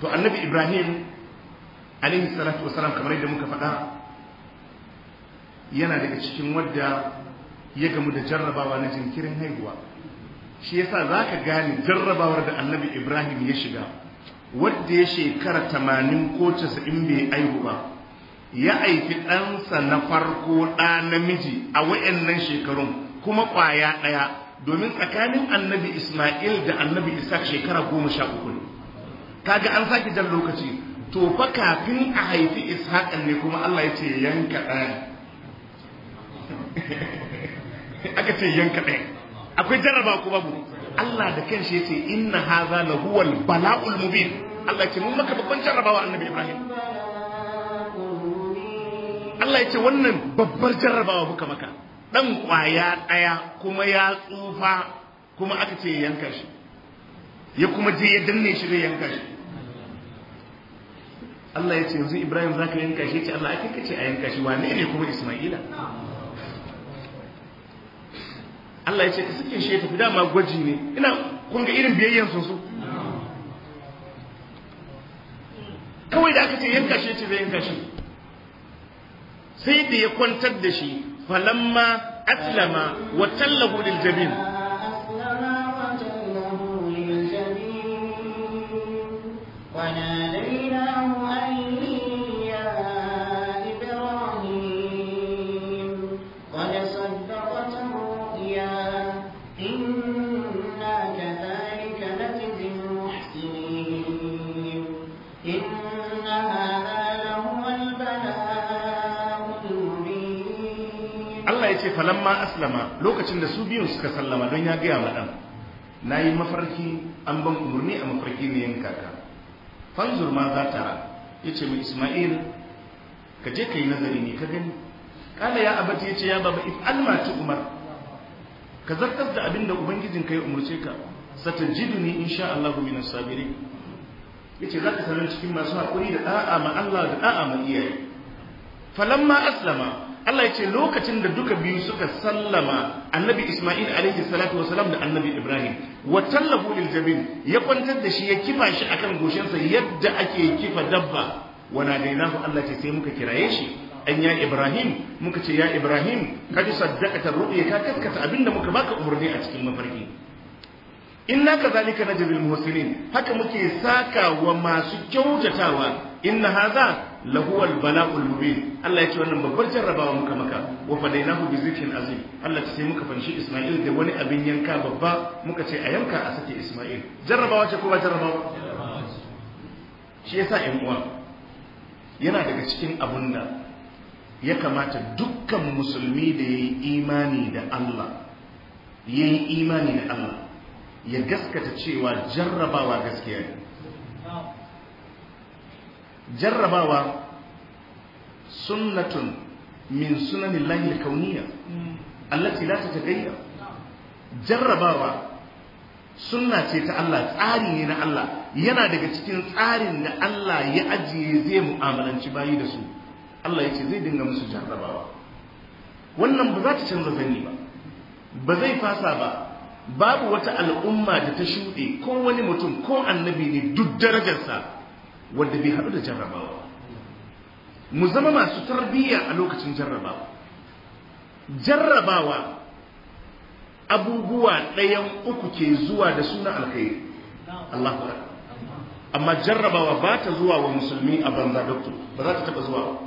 [SPEAKER 1] to annabi ibrahim alaihi salatu wasalam kamar yadda muka faɗa yana daga cikin wadda ya gamu da jarrabawa na jinkirin haihuwa shi yasa zaka ka gane jarrabawar da annabi ibrahim ya shiga wadda ya shekara tamanin ko casa'in bai aihu ba ya aiki ɗansa na farko ɗa namiji a wa'annan shekarun kuma ƙwaya ɗaya domin tsakanin annabi ismail da annabi isa shekara goma sha uku ne kaga an sake jan lokaci to fa kafin a haifi ishaƙan ne kuma allah ya ce yanka ɗaya aka ce yanka ɗaya akwai jarraba ko babu Allah da kanshi yace inna hadha la huwal bala'ul mubin Allah ce mun maka babban jarrabawa annabi Ibrahim Allah ya ce wannan babbar jarrabawa muka maka dan kwaya daya kuma ya tsufa kuma aka ce yanka shi ya kuma je ya danne shi da yanka shi Allah ya ce yanzu Ibrahim zaka yanka shi ya ce Allah ai kai ce a yanka shi wane ne kuma Isma'ila Allah ya ce cikin shi tafi dama gwaji ne ina kun ga irin biyayyan su su kawai da aka ce yanka shi ce zai yanka shi sai da ya kwantar da shi falamma atlama wa tallahu lil jabin falamma aslama lokacin da su biyun suka sallama don ya gaya ma ɗan na yi mafarki an ban umarni a mafarki ne yin kaka fanzur ma za ta ya ce mai ismail ka je ka yi nazari ne ka gani kala ya abata ya ce ya baba if an ci umar ka zartar da abin da ubangijin ka ya umarce ka in sha Allah min as-sabirin yace za ka sanar cikin masu haƙuri da ɗa'a ma Allah da ɗa'a ma iyaye falamma aslama Allah ya ce lokacin da duka biyu suka sallama annabi Ismail alaihi salatu wasalam da annabi Ibrahim wa tallahu lil jabin ya kwantar da shi ya kifa shi akan goshinsa yadda ake kifa dabba wa nadainahu Allah ce sai muka kiraye shi an ya Ibrahim muka ce ya Ibrahim ka ji saddaqata ru'ya ka kaskata abinda muka baka umarni a cikin mafarki inna kadhalika najzil muhsinin haka muke saka wa masu kyautatawa inna hadha lahuwal bala'ul mubin Allah ya ce wannan babbar jarrabawa muka maka Wafadaina fadainahu bi zikrin azim Allah ya ce muka fanshi Isma'il da wani abin yanka babba muka ce a yanka a sake Isma'il jarrabawa ce ko ba jarrabawa shi yasa ƴan uwa yana daga cikin abun da ya kamata dukkan musulmi da yayi imani da Allah yayi imani da Allah ya gaskata cewa jarrabawa gaskiya ne jarrabawa sunnatun min sunanin lahil kauniya allati la tagayya jarrabawa sunna ce ta Allah tsari ne na Allah yana daga cikin tsarin da Allah ya ajiye zai mu'amalanci bayi da su Allah ya ce zai dinga musu jarrabawa wannan ba za ta canza zani ba ba zai fasa ba babu wata al'umma da ta shuɗe ko wani mutum ko annabi ne duk darajarsa wanda bai haɗu da jarrabawa mu zama masu tarbiyya a lokacin jarrabawa jarrabawa abubuwa ɗayan uku ke zuwa da suna alkhairi Allah amma jarrabawa ba ta zuwa wa musulmi a banza doktor ba za ta taɓa zuwa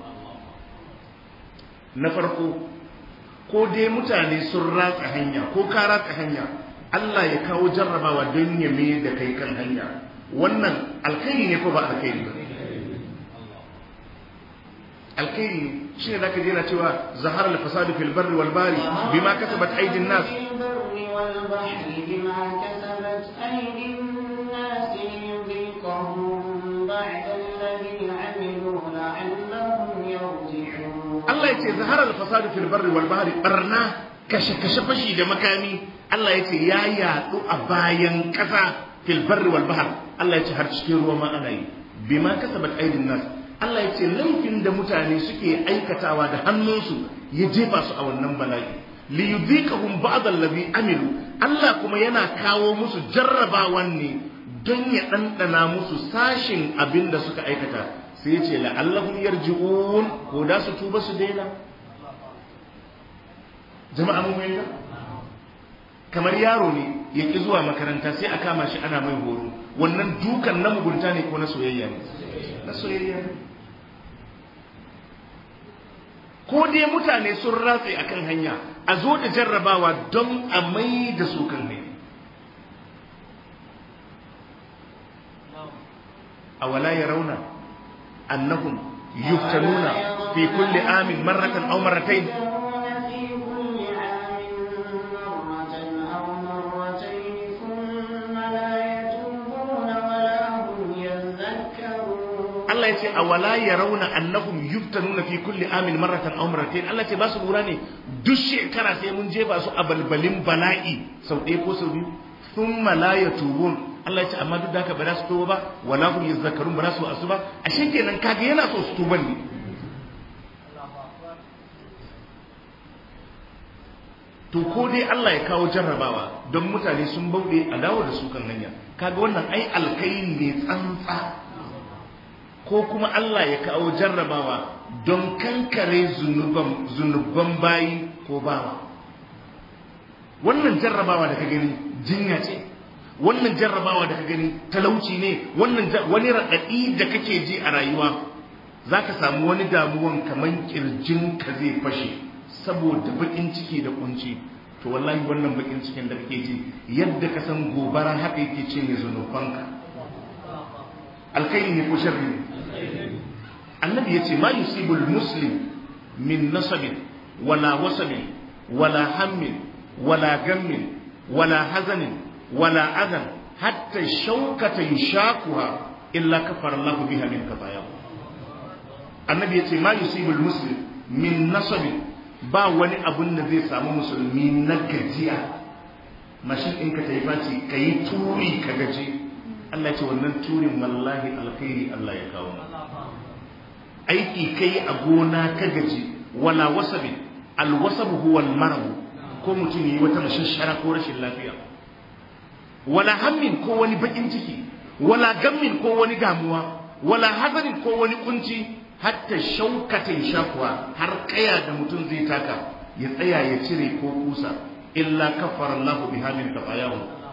[SPEAKER 1] na farko ko dai mutane sun ratsa hanya ko ka ratsa hanya Allah ya kawo jarrabawa don ya mai da kai kan hanya wannan alkhairi ne ko ba alkhairi ba alkhairi ne shi ne zaka je na cewa zahar al-fasadu fil barri wal bari bima kasabat aydin nas
[SPEAKER 3] Allah yace ce zahar al-fasadu fil barri wal bari barna
[SPEAKER 1] kashe kashe fashi da makami Allah yace ce ya yadu a bayan kasa fil barri wal bahr Allah ya har cikin ruwa ma ana yi bima kasabat aidin nas Allah yace laifin da mutane suke aikatawa da hannunsu ya jefa su a wannan bala'i li yudhiqahum ba'd allazi amilu Allah kuma yana kawo musu jarrabawan ne don ya dandana musu sashin abin da suka aikata sai ya ce la'allahum yarji'un ko da su tuba su daina jama'a mun kamar yaro ne ya ki zuwa makaranta sai a kama shi ana mai horo wannan dukan na mugunta ne ko na soyayya ne na soyayya ko dai mutane sun ratse akan hanya a zo da jarrabawa don a mai da su kan ne a wala ya rauna annahun yuftanuna fi kulli amin marratan au marratayn
[SPEAKER 3] Allah ya ce a wala ya rauna
[SPEAKER 1] annahum nuna fi kulli amin maratan a marratayn Allah ce ba su lura ne duk shekara sai mun je ba su a balbalin bala'i sau ɗaya ko sau biyu sun malaya yatubun Allah ya ce amma duk da haka ba za su tuba ba wala hum yazakkarun ba za su asu ba A ashe kenan kaga yana so su tuba ne to ko dai Allah ya kawo jarrabawa don mutane sun bauɗe a dawo da su kan hanya kaga wannan ai alkairi ne
[SPEAKER 2] tsantsa
[SPEAKER 1] ko kuma Allah ya kawo jarrabawa don kankare zunuban bayi ko bawa wannan jarrabawa da ka gani jinya ce wannan jarrabawa da ka gani talauci ne wannan wani raɗaɗi da kake ji a rayuwa za ka samu wani damuwan kamar kirjin ka zai fashe saboda baƙin ciki da kunci to wallahi wannan baƙin cikin da kake ji yadda ka san gobara haka yake mai zunubanka alkhairi ne ko sharri ne annabi yace ma yusibul muslim min nasabin wala wasabin wala hammin wala gammin wala hazanin wala adan hatta shaukata yushakuha illa kafara Allah biha min khatayahu annabi yace ma yusibul muslim min nasabin ba wani abun da zai samu musulmi na gajiya mashin ɗinka ta yi ka yi turi ka gaji Allah ce wannan turin wallahi alkhairi Allah ya kawo aiki kai a gona ka gaji wala wasabi alwasabu huwa almarabu ko mutum yi wata mashashara ko rashin lafiya wala hammin ko wani bakin ciki wala gammin ko wani gamuwa, wala hazarin ko wani kunci hatta shaukatin shakuwa har kaya da mutum zai taka ya tsaya ya cire ko kusa illa kafara Allahu biha min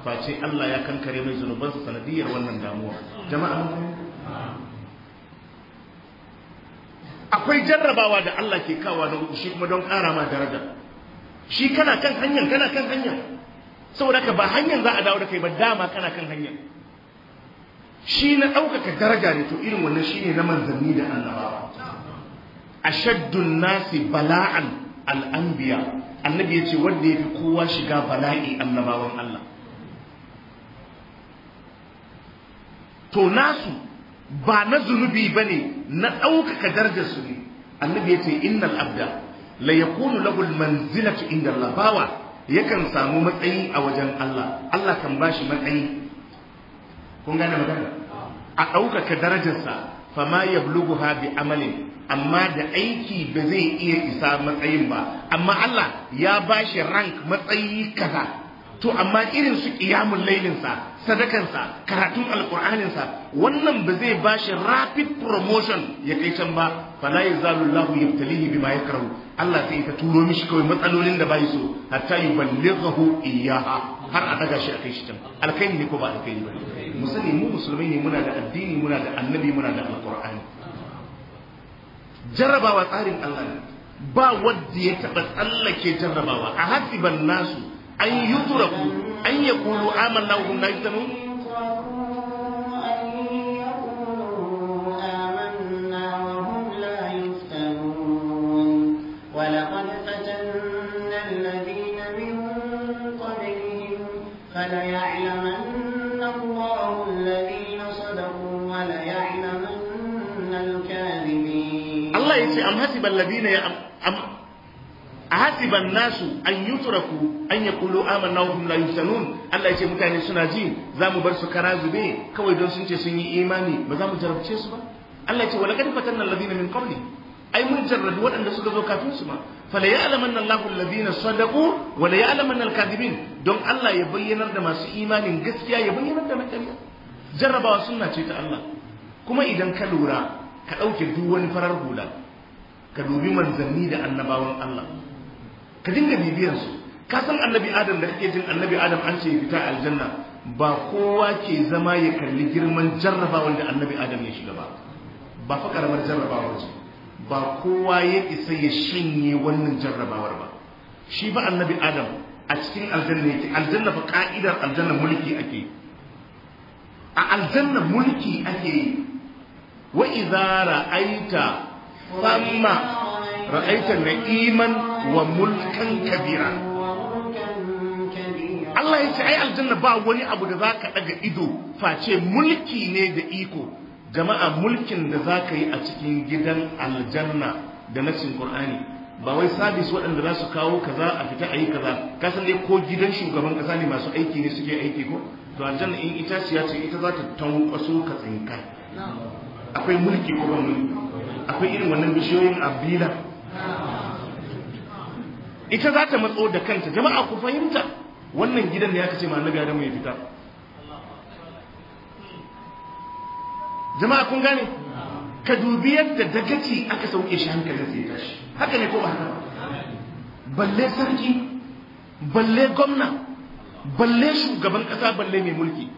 [SPEAKER 1] face Allah ya kankare mai zunubansa sanadiyar wannan damuwa jama'a akwai jarrabawa da Allah ke kawa da shi kuma don ƙara ma daraja shi kana kan hanyar kana kan hanyar saboda ka ba hanyar za a dawo da kai ba dama kana kan hanyar shi na ɗaukaka daraja ne to irin wannan shine na manzanni da annabawa ashaddun nasi bala'an al'anbiya annabi ya ce wanda ya fi kowa shiga bala'i annabawan Allah to nasu ba na zunubi bane na ɗaukaka darajar su ne annabi yace inna innal abda la yakunu lahu almanzilatu inda Allah bawa yakan samu matsayi a wajen Allah Allah kan bashi matsayi kun gane magana a ɗaukaka darajarsa fama yablughuha bi amalin amma da aiki ba zai iya isa matsayin ba amma Allah ya bashi rank matsayi kaza to amma irin su ƙiyamun lailinsa sadakansa karatun alƙur'aninsa wannan ba zai ba shi rapid promotion ya kai can ba fala yazalu Allahu yabtalihi bima yakrahu Allah sai ta turo mishi kawai matsalolin da bai so hatta yuballighahu iyyaha har a daga shi a kai shi can alkai ne ko ba alkai ba mu sani mu musulmai ne muna da addini muna da annabi muna da alƙur'ani jarrabawa tsarin Allah ne ba wanda ya taɓa tsallake jarrabawa a hasiban nasu أن يتركوا أن يقولوا آمنا وهم
[SPEAKER 3] لا يفتنون ولقد فتنا الذين من قبلهم فليعلمن الله الذين
[SPEAKER 1] صدقوا
[SPEAKER 3] وليعلمن الكاذبين الله يجزي أم حسب
[SPEAKER 1] الذين يأمنون ahasiban nasu an yutraku an yaqulu amanna wa hum la Allah ya ce mutane suna ji za mu bar su kara zube kawai don sun ce sun yi imani ba za mu jarabce su ba Allah ya ce walaqad fatanna alladhina min qabli ai mun jarrabi waɗanda suka zo kafin su ma fala ya'lamanna Allahu alladhina sadaqu wa la ya'lamanna al don Allah ya bayyanar da masu imanin gaskiya ya bayyanar da maƙarya jarrabawa sunna ce ta Allah kuma idan ka lura ka ɗauke duk wani farar hula ka dubi manzanni da annabawan Allah ka dinga bibiyan su ka san annabi adam da kake jin annabi adam an ce fita aljanna ba kowa ke zama ya kalli girman jarraba wanda annabi adam ya shiga ba ba fa karamar jarrabawa ce ba kowa ya isa ya shanye wannan jarrabawar ba shi ba annabi adam a cikin aljanna yake aljanna fa ka'idar aljanna mulki ake a aljanna mulki ake yi wa idza ra'aita famma ra'aita na'iman wa mulkan kabira
[SPEAKER 3] Allah ya ce ai
[SPEAKER 1] aljanna ba wani abu da za ka ɗaga ido face mulki ne da iko jama'a mulkin da zaka yi a cikin gidan aljanna da nasin qur'ani ba wai sabis waɗanda za su kawo kaza a fita a yi kaza ka san ko gidan shugaban ƙasa ne masu aiki ne suke aiki ko to aljanna in itaciya ce ita za ta tankwaso ka tsinka akwai mulki ko ba mulki akwai irin wannan bishiyoyin abila ita za ta matso da kanta jama'a ku fahimta wannan gidan da ya kace ma annabi Adamu ya fita jama'a kun gane ka dubi yadda dagaci aka sauke shi hankalin sai tashi haka ne ko ba haka balle sarki balle gwamna balle shugaban kasa balle mai mulki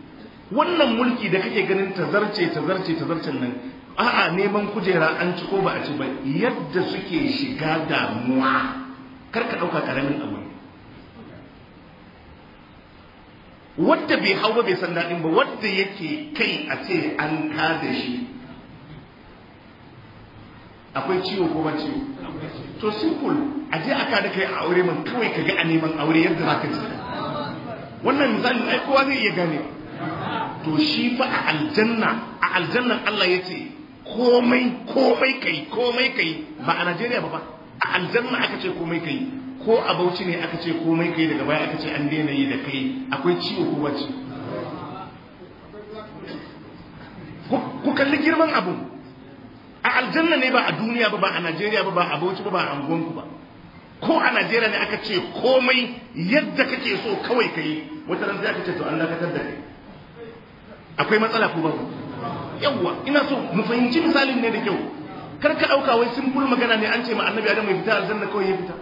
[SPEAKER 1] wannan mulki da kake ganin tazarce tazarce tazarcen nan a'a neman kujera an ci ko ba a ci ba yadda suke shiga damuwa karka ɗauka ƙaramin abu wadda bai hau ba bai san daɗin ba wadda yake kai a ce an ka da shi akwai ciwo ko ba ciwo to simple a je aka da kai a aure man kawai ka ga a neman aure yadda za ka ji wannan misali ai kowa zai iya gane to shi fa a aljanna a aljannan Allah ya ce komai komai kai komai kai ba a Najeriya ba ba a aljanna aka ce komai kai ko a Bauchi ne aka ce komai kai daga baya aka ce an daina yi da kai akwai ciwo ko wace. ku kalli girman abu a aljanna ne ba a duniya ba ba a Najeriya ba ba a Bauchi ba ba a ku ba ko a Najeriya ne aka ce komai yadda kake so kawai kai wata ran sai aka ce to Allah ka da kai akwai matsala ko babu yawwa ina so mu fahimci misalin ne da kyau kar ka dauka wai sun magana ne an ce ma annabi adam ya fita aljanna kawai ya fita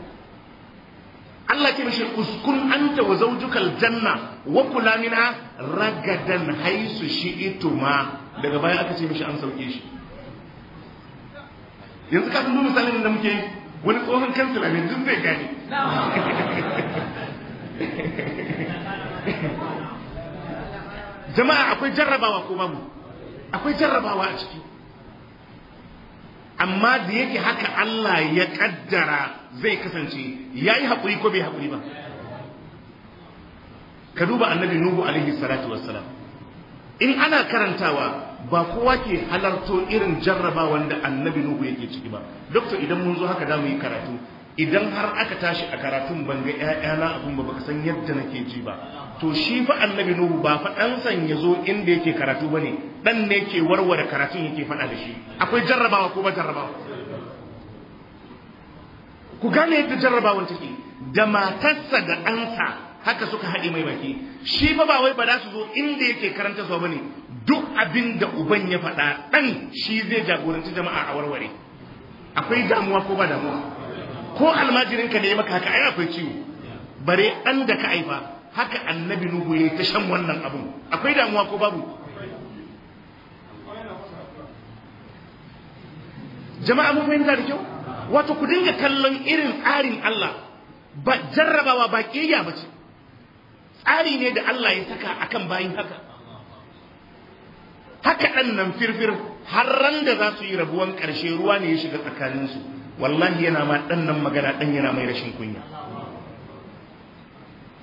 [SPEAKER 1] Allah ke mishi uskun anta wa zawjuka aljanna wa kula minha ragadan haisu shi'ituma daga baya aka ce mishi an sauke shi yanzu ka tuno misalin da muke wani tsohon kansila ne duk zai gane jama'a akwai jarrabawa ko mu akwai jarrabawa a ciki amma da yake haka Allah ya kaddara zai kasance ya yi haƙuri ko bai haƙuri ba ka duba annabi nuhu alaihi salatu wassalam in ana karantawa ba kowa ke halarto irin jarrabawan da annabi nuhu yake ciki ba doctor idan mun zo haka mu yi karatu idan har aka tashi a karatun banga ga ƴaƴana abun ba baka san yadda nake ji ba to shi fa annabi nuhu ba fa dan san zo inda yake karatu bane dan ɗan ne ke warware karatun yake faɗa da shi akwai jarrabawa ko ba jarrabawa ku gane yadda jarrabawan take da matarsa da ɗansa haka suka haɗe mai baki shi fa ba wai ba za su zo inda yake karanta su ba ne duk abin da uban ya faɗa ɗan shi zai jagoranci jama'a a warware akwai damuwa ko ba damuwa ko almajirinka ne ya maka haka ai akwai ciwo bare ɗan da ka aifa haka annabi nuhu ya ta shan wannan abun akwai damuwa ko babu jama'a mun fahimta da kyau wato ku dinga kallon irin tsarin Allah ba jarrabawa ba kiyaya ba ce tsari ne da Allah ya saka akan bayin haka haka ɗan nan firfir har ran da za su yi rabuwan ƙarshe ruwa ne ya shiga tsakaninsu wallahi yana ma ɗan nan magana ɗan yana mai rashin kunya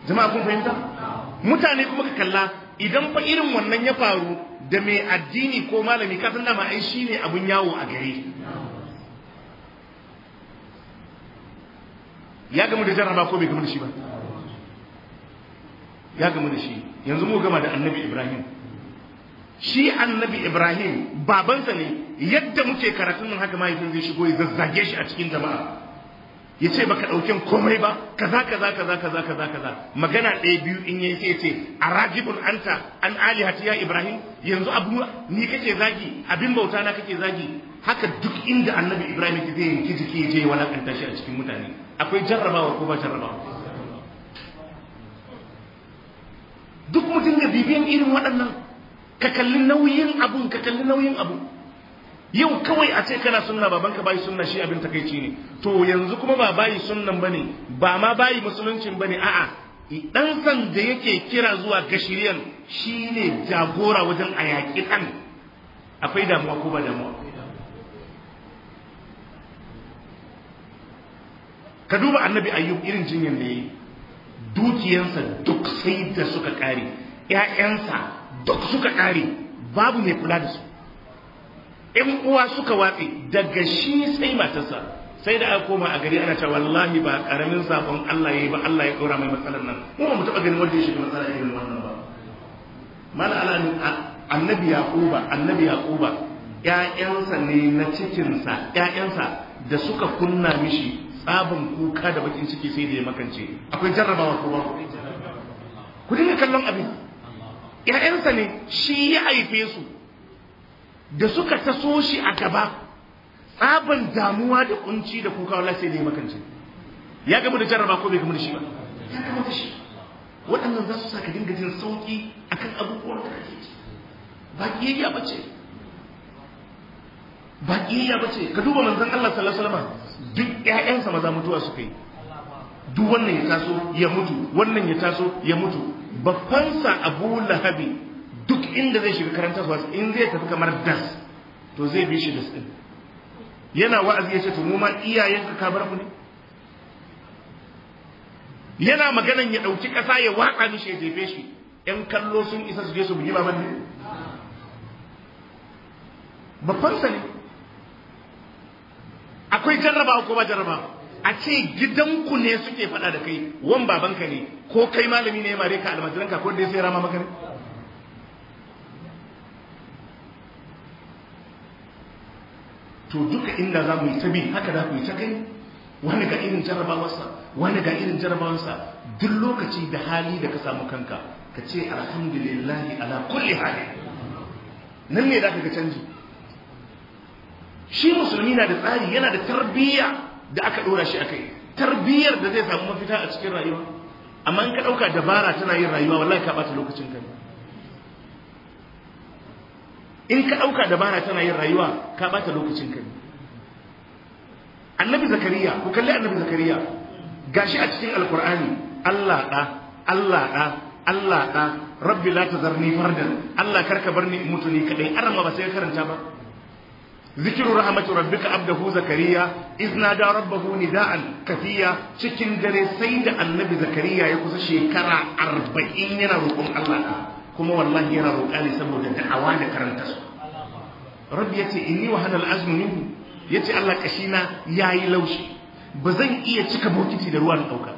[SPEAKER 1] jama'a kun fahimta mutane kuma ka kalla idan fa irin wannan ya faru da mai addini ko malami ka san dama ai shine abun yawo a gare ya gamu da jarraba ko bai gamu da shi ba ya gamu da shi yanzu mu gama da annabi ibrahim shi annabi ibrahim babansa ne yadda muke karatun nan haka mahaifin zai shigo ya zazzage shi a cikin jama'a ya ce baka ɗauken komai ba kaza kaza kaza kaza kaza kaza magana ɗaya biyu in yi sai ce a ragibun anta an alihati ya ibrahim yanzu abu ni kake zagi abin bauta na kake zagi haka duk inda annabi ibrahim ke zai yanki jiki je wala kanta shi a cikin mutane akwai jarrabawa ko ba jarrabawa duk mutum da bibiyan irin waɗannan ka kalli nauyin abun ka kalli nauyin abun yau kawai a ce kana sunna babanka bayi sunna shi abin takaici ne to yanzu kuma ba bayi sunnan bane ba ma bayi musuluncin bane a'a dan san da yake kira zuwa ga shiriyan shine jagora wajen a yaƙi kan akwai damuwa ko ba damuwa ka duba annabi ayyub irin jinyan da yayi dukiyansa duk sai da suka kare ƴaƴansa duk suka kare babu mai kula da su in uwa suka watsi daga shi sai matarsa sai da aka koma a gari ana cewa wallahi ba karamin sabon Allah yayi ba Allah ya dora mai matsalar nan ko ba mu taba ganin wanda shi shiga matsala irin wannan ba mal ala annabi yaquba annabi yaquba ƴaƴansa ne na cikin cikinsa ƴaƴansa da suka kunna mishi tsabin kuka da bakin ciki sai da ya makance akwai jarrabawa ko ba ku dinga kallon abin ƴaƴansa ne shi ya haife su da suka taso shi a gaba tsaban damuwa da kunci da kuka wala sai da yi makance ya gama da jarraba ko bai gama da shi ba ya gamu da shi waɗannan za su sa ka dinga jin a kan abubuwan da kake ci ba yi ba ce ba yi ba ce ka duba manzan Allah sallallahu alaihi wasallam duk ƴaƴansa maza mutuwa suka yi duk wannan ya taso ya mutu wannan ya taso ya mutu babbansa Abu Lahabi duk inda zai shiga karanta su in zai tafi kamar das to zai bi shi das din yana wa'azi ya ce, to mu ma iyayenka ka bar mu ne yana maganan ya dauki kasa ya watsa mishi ya jefe shi yan kallo sun isa su je su bugi baban ne babban sa ne akwai jarrabawa ko ba jarraba? a ce gidanku ne suke faɗa da kai wan babanka ne ko kai malami ne ya mare ka almajiranka ko dai sai rama maka ne to duka inda za mu yi sabin haka za ku yi ta kai, wani ga irin jarabawarsa wani ga irin jarabawarsa duk lokaci da hali da ka samu kanka ka ce alhamdulillah ala kulli hali nan ne zaka ga canji shi musulmi na da tsari yana da tarbiyya da aka dora shi akai tarbiyyar da zai samu mafita a cikin rayuwa amma in ka dauka dabara tana yin rayuwa wallahi ka bata lokacin ka in ka dauka dabara tana yin rayuwa ka bata lokacin ka annabi zakariya ku kalli annabi zakariya gashi a cikin alqur'ani Allah da Allah da Allah da rabbi la tazarni fardan Allah karka barni in mutu ni kadai arama ba sai karanta ba zikiru rahmatu rabbika abdahu zakariya izna da rabbahu nida'an kafiya cikin dare sai da annabi zakariya ya kusa shekara 40 yana roƙon Allah kuma wallahi yana roƙa saboda da'awa da karanta su rabbi yace inni wa hanal azmu minhu yace Allah kashina yayi laushi ba zan iya cika bokiti da ruwan na dauka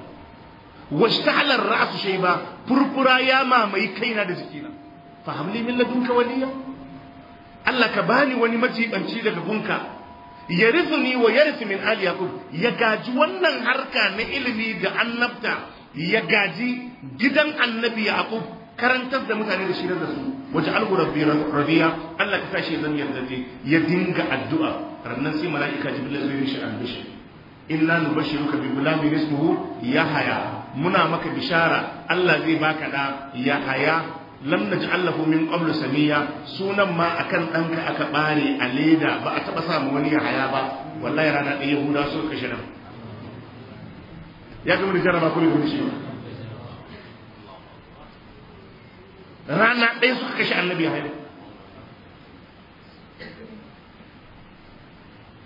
[SPEAKER 1] washtahala ra'su shayba furfura ya mamayi kaina da jikina fa hamli min ladunka waliya Allah ka bani wani majibanci daga gunka ya wa yarisi min ali yaqub ya gaji wannan harka na ilimi da annabta ya gaji gidan annabi yaqub karantar da mutane da shirar da su waje algu rabiya Allah ka tashi zan yarda zai, ya dinga addu'a rannan sai mala'ika jibril zai yi shi albishi inna nubashiruka bi gulamin ismuhu yahaya muna maka bishara Allah zai baka da yahaya lam naj'alahu min qablu samiya sunan ma akan danka aka bare a leda ba a taba samu wani yahaya ba wallahi rana da yahuda sun kashe nan ya ga mun jarraba ko shi rana ɗaya suka kashe annabi haihu.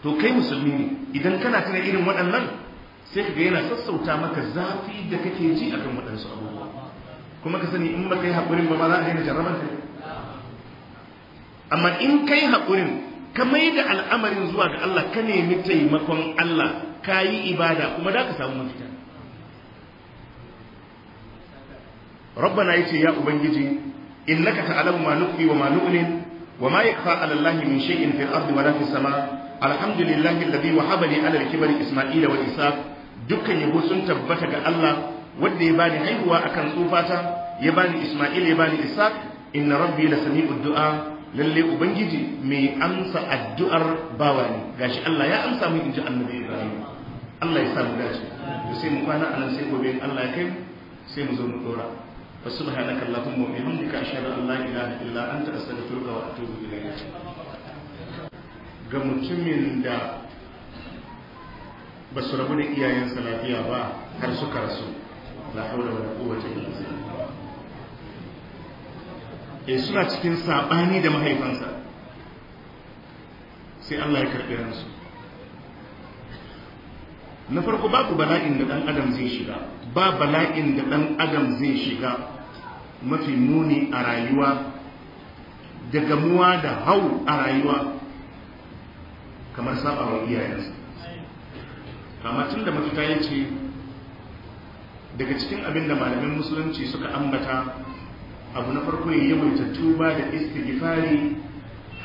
[SPEAKER 1] to kai musulmi ne idan kana tana irin waɗannan sai ka ga yana sassauta maka zafi da kake ji akan waɗansu abubuwa kuma ka sani in ba kai haƙurin ba ma za a daina jarraban ka amma in kai haƙurin ka mai da al'amarin zuwa ga Allah ka nemi taimakon Allah ka yi ibada kuma da ka samu mafita rabbana yace ya ubangiji innaka ta'lamu ma nuqi wa ma nu'lin wa ma yakfa 'ala allahi min shay'in fil ardi wa la fis sama alhamdulillahi alladhi wahaba li 'ala al-kibri isma'ila dukkan yabo sun tabbata ga Allah wanda ya bani haihuwa a akan tsufata ya bani isma'il ya bani isa inna rabbi la sami'ud du'a lalle ubangiji mai amsa addu'ar bawa ne gashi Allah ya amsa mu inji annabi Ibrahim Allah ya sa mu dace sai mu kwana anan gobe Allah ya kai sai mu zo mu dora فسبحانك اللهم وبحمدك اشهد ان لا an الا انت استغفرك واتوب اليك ga mutumin da ba su rabu da iyayensa lafiya ba har suka rasu la haula wala quwwata illa billah eh suna cikin sabani da mahaifansa sai Allah ya karɓi ransu na farko babu bala'in da ɗan adam zai shiga ba bala'in da ɗan adam zai shiga mafi muni a rayuwa da gamuwa da hau a rayuwa kamar sabawa iyayensa amma tun da mafita ya ce daga cikin abin da malamin musulunci suka ambata abu na farko ya yawaita tuba da istighfari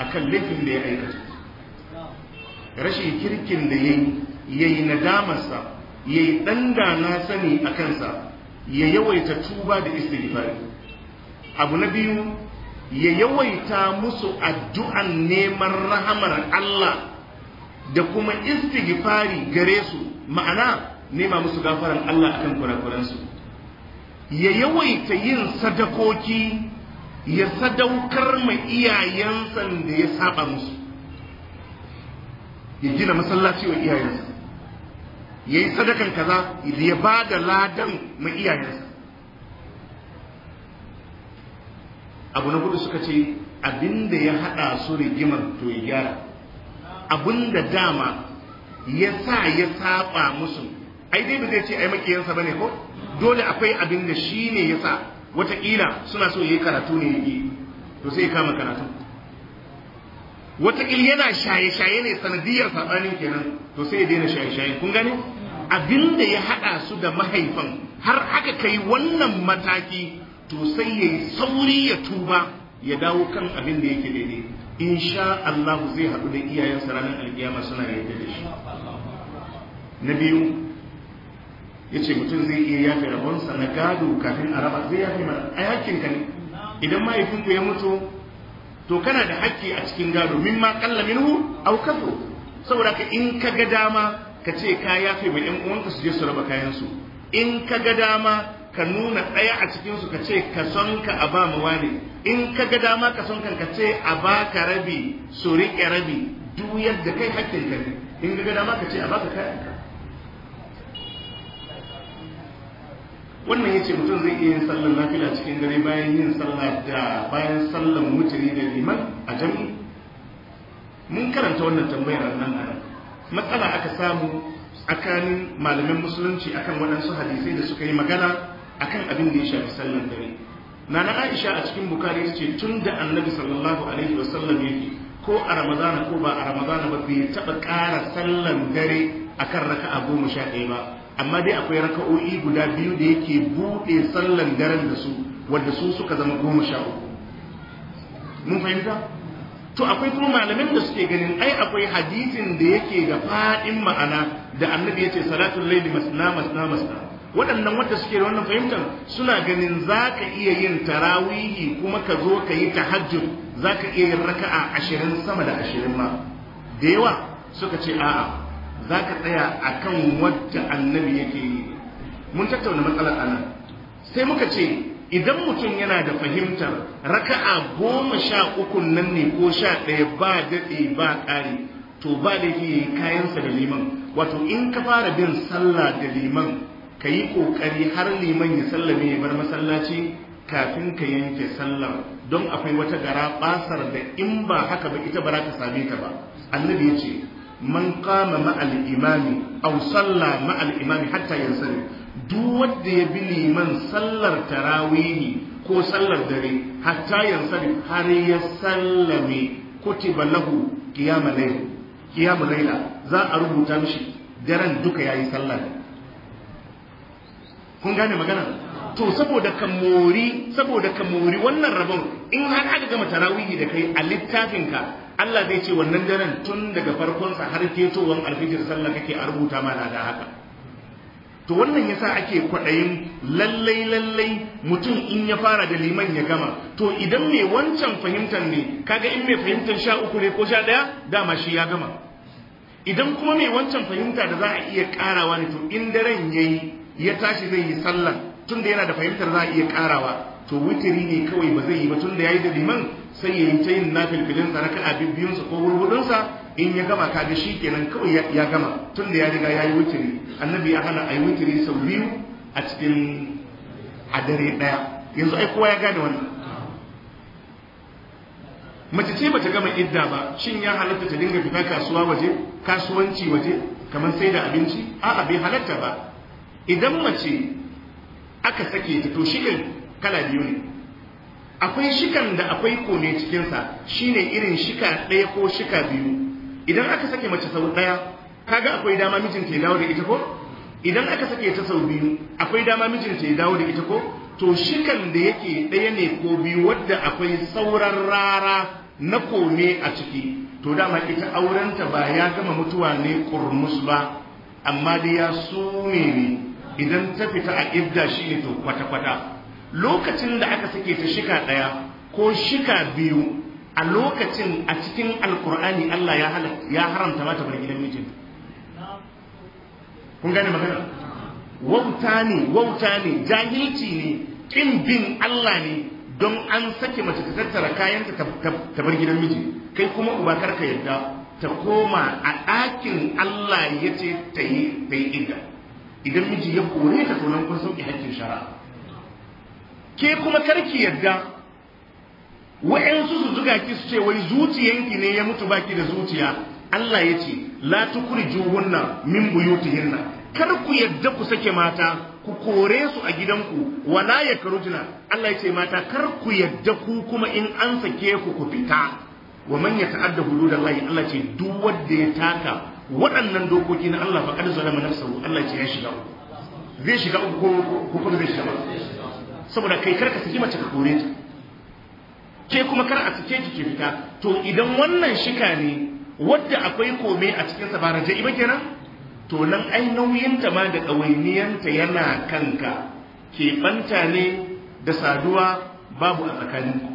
[SPEAKER 1] kan laifin da ya aikata rashin kirkin da ya yi nadamarsa yayi dan da sani a kansa ya yawaita tuba da istighfari abu na biyu ya yawaita musu addu'an neman rahamar Allah da kuma istighfari gare su ma'ana nema musu gafaran Allah akan kurakuransu ya yawaita yin sadakoki ya sadaukar ma iyayensa da ya saba musu ya gina masallaci wa iyayensa ya yi sadakan kaza ya ba da ladan ma iyayensa abu na gudu suka ce abinda ya haɗa su rigimar to ya gyara abinda dama ya sa ya saba musu ai dai ba zai ce ai makiyansa bane ko dole akwai abinda da shi ne ya sa wataƙila suna so ya yi karatu ne ya yi to sai ya kama karatu. wataƙil yana shaye-shaye ne sanadiyar saɓanin kenan to sai ya daina shaye-shaye kun gane abin da ya haɗa su da mahaifan har aka kai wannan mataki to sai ya yi sauri ya tuba ya dawo kan abin da yake daidai insha Allah zai haɗu da sa ranar alkiyama suna yarda da shi na biyu ya ce mutum zai iya yafe rabon na gado kafin a raba zai yafe mana a yakin ka ne idan mahaifinku ya mutu to kana da haƙƙi a cikin gado min mimma min minhu aw kafu saboda ka in ka ga dama ka ce ka yafe mai yan uwanka su je su raba kayan su in ka ga dama ka nuna ɗaya a cikin su ka ce ka son ka a ba mu wani in ka ga dama ka son kan ka ce a ba ka rabi su riƙe rabi duk yadda kai haƙƙin ka ne in ka ga dama ka ce a ba ka kayan ka wannan ya ce mutum zai iya yin sallar nafila cikin dare bayan yin sallar da bayan sallar mutane da liman a jami'i mun karanta wannan tambayar nan a nan. matsala aka samu tsakanin malamin musulunci akan waɗansu hadisai da suka yi magana akan abin da ya shafi sallar dare nana aisha a cikin bukari ce tun da annabi sallallahu alaihi wasallam yake ko a ramadana ko ba a ramadana ba bai taɓa ƙara sallar dare akan raka'a goma sha ɗaya ba amma dai akwai raka'o'i guda biyu da yake buɗe sallan daren da su wadda su suka zama goma sha mun fahimta to akwai kuma malamin da suke ganin ai akwai hadisin da yake da faɗin ma'ana da annabi ya ce salatul laili masna masna masna waɗannan wanda suke da wannan fahimtar suna ganin za ka iya yin tarawihi kuma ka zo ka yi tahajjud za ka iya yin raka'a ashirin sama da ashirin ma da yawa suka ce a'a za ka tsaya a kan wadda annabi yake yi mun tattauna matsalar ana sai muka ce idan mutum yana da fahimtar raka'a goma sha uku nan ne ko sha ɗaya ba daɗe ba ƙari to ba da yi kayansa da liman wato in ka fara bin sallah da liman ka yi ƙoƙari har liman ya sallame ya bar masallaci kafin ka yanke sallah don akwai wata gara basar da in ba haka ba ita ba za ka same ta ba annabi ya ce man qama ma'al imami aw salla ma'al imami hatta yansari duk wanda ya bi man sallar tarawihi ko sallar dare hatta yansari har ya sallame kutiba lahu qiyamul layl za a rubuta mishi daren duka yayi sallar. kun gane magana to saboda kamori saboda kamori wannan rabon in har aka gama tarawihi da kai a littafinka Allah zai ce wannan daren tun daga farkonsa har fetowar alfijir sallah kake a rubuta mana da haka to wannan yasa ake kwaɗayin lallai lallai mutum in ya fara da liman ya gama to idan mai wancan fahimtar ne kaga in mai fahimtar sha uku ne ko sha ɗaya dama shi ya gama idan kuma mai wancan fahimta da za a iya karawa ne to in daren ya yi ya tashi zai yi sallah tun da yana da fahimtar za a iya ƙarawa to wutiri ne kawai ba zai yi ba tun da yayi da liman sai ya yi ta yin nafilfilin sa na biyun sa ko gurgudun in ya gama ka shi kenan kawai ya gama tun da ya riga yayi wutiri annabi ya hana ayi wutiri sau biyu a cikin a dare daya yanzu ai kowa ya gane wannan mace ce bata gama idda ba shin ya halatta ta dinga fita kasuwa waje kasuwanci waje kamar sai da abinci a'a bai halatta ba idan mace aka sake ta to shi kala biyu ne akwai shikan da akwai kome cikinsa shine irin shika ɗaya ko shika biyu idan aka sake mace sau ɗaya kaga akwai dama mijinta ya dawo da ita ko idan aka sake ta sau biyu akwai dama mijinta ya dawo da ita ko to shikan da yake ɗaya ne ko biyu wadda akwai sauran rara na kome a ciki to dama ita aurenta ba ya gama mutuwa ne kurmus ba amma dai ya sume ne idan ta fita a ibda shi ne to kwata-kwata lokacin da aka sake ta shika ɗaya ko shika biyu a lokacin a cikin alkur'ani Allah ya haramta mata bar gidan mijin kun gane magana wauta ne wauta ne jahilci ne kin bin Allah ne don an sake mace ta tattara kayanta ta bar gidan miji kai kuma uba karka yadda ta koma a ɗakin Allah ya ce ta yi idan miji ya kore ta tunan kun sauƙi hakkin shari'a ke kuma karki yadda wa'yansu su zuga ki su ce wai zuciyanki ne ya mutu baki da zuciya Allah ya ce la wannan min buyutihinna kar ku yadda ku sake mata ku kore su a gidanku wala yakrujna Allah ya ce mata kar ku yadda ku kuma in an sake ku ku fita wa man yata'adda hududallahi Allah ce duk wanda ya taka waɗannan dokoki na Allah faqad zalama nafsahu Allah ce ya shiga zai shiga ku kuma zai shiga saboda kai karka saki mace ka kore ta ke kuma kar a sake ki ke fita to idan wannan shika ne wanda akwai kome a cikin sa ba raja'i kenan to nan ai nauyin ta ma da ɗawainiyanta yana kanka ke banta ne da saduwa babu a tsakanin ku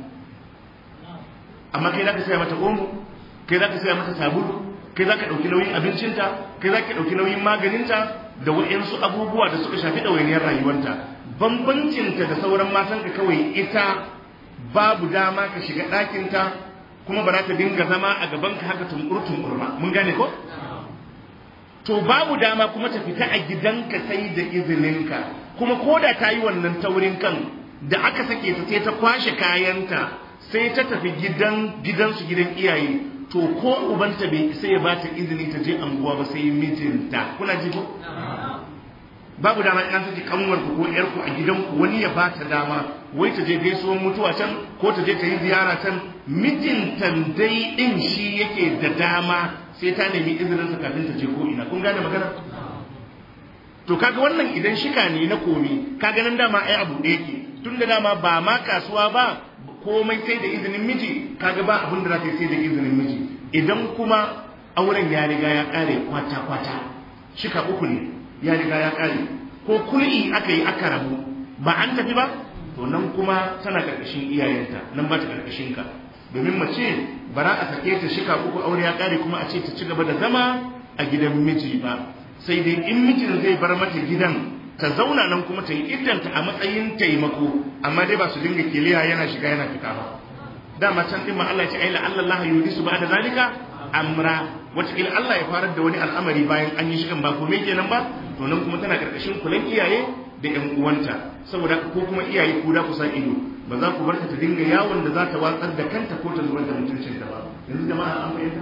[SPEAKER 1] amma kai zaka saya mata omo kai zaka saya mata sabulu kai zaka ɗauki nauyin abincinta kai zaka ɗauki nauyin maganinta da wa'insu abubuwa da suka shafi ɗawainiyar rayuwarta bambancinta da sauran matanka kawai ita babu dama ka shiga ɗakinta kuma ba za ta dinga zama a gabanka haka tunkur-tunkur ba mun gane ko? to babu dama kuma ta fita a gidanka sai da izininka kuma ko da ta yi wannan taurin kan da aka sake ta sai ta kwashe kayanta sai ta tafi gidan gidansu gidan iyaye to ko ubanta bai isa ya ba ta izini ta je anguwa ba sai mijinta kuna ji ko? babu dama in an saki kanwar ku ko yar ku a gidanku wani ya bata dama wai ta je gaisuwar mutuwa can ko ta je ta yi ziyara can mijin tandai din shi yake da dama sai ta nemi izinin sa kafin ta je ko ina kun gane magana to kaga wannan idan shika ne na komi kaga nan dama ai abu da yake tun da dama ba ma kasuwa ba komai sai da izinin miji kaga ba abin da za ta yi sai da izinin miji idan kuma auren ya riga ya kare kwata kwata shika uku ne ya riga ya kare ko kul'i aka yi aka rabu ba an tafi ba to nan kuma tana karkashin iyayenta nan ba ta karkashin ka domin mace bara a sake ta shika uku aure ya kare kuma a ce ta ci gaba da zama a gidan miji ba sai dai in mijin zai bar mata gidan ta zauna nan kuma ta yi iddanta a matsayin taimako amma dai ba su dinga kiliya yana shiga yana fita ba dama can din ma Allah ya ce ai la Allah yudisu ba da zalika amra kila Allah ya farar da wani al'amari bayan an yi shi kan ba me kenan ba to nan kuma tana karkashin kulan iyaye da ƴan uwanta saboda ko kuma iyaye ku da ku sa ido ba za ku bar ta dinga yawon da za ta watsar da kanta ko ta zubar da mutuncinta ba yanzu jama'a an fahimta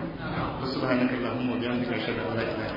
[SPEAKER 1] allahumma wa bihamdika ashhadu an la ilaha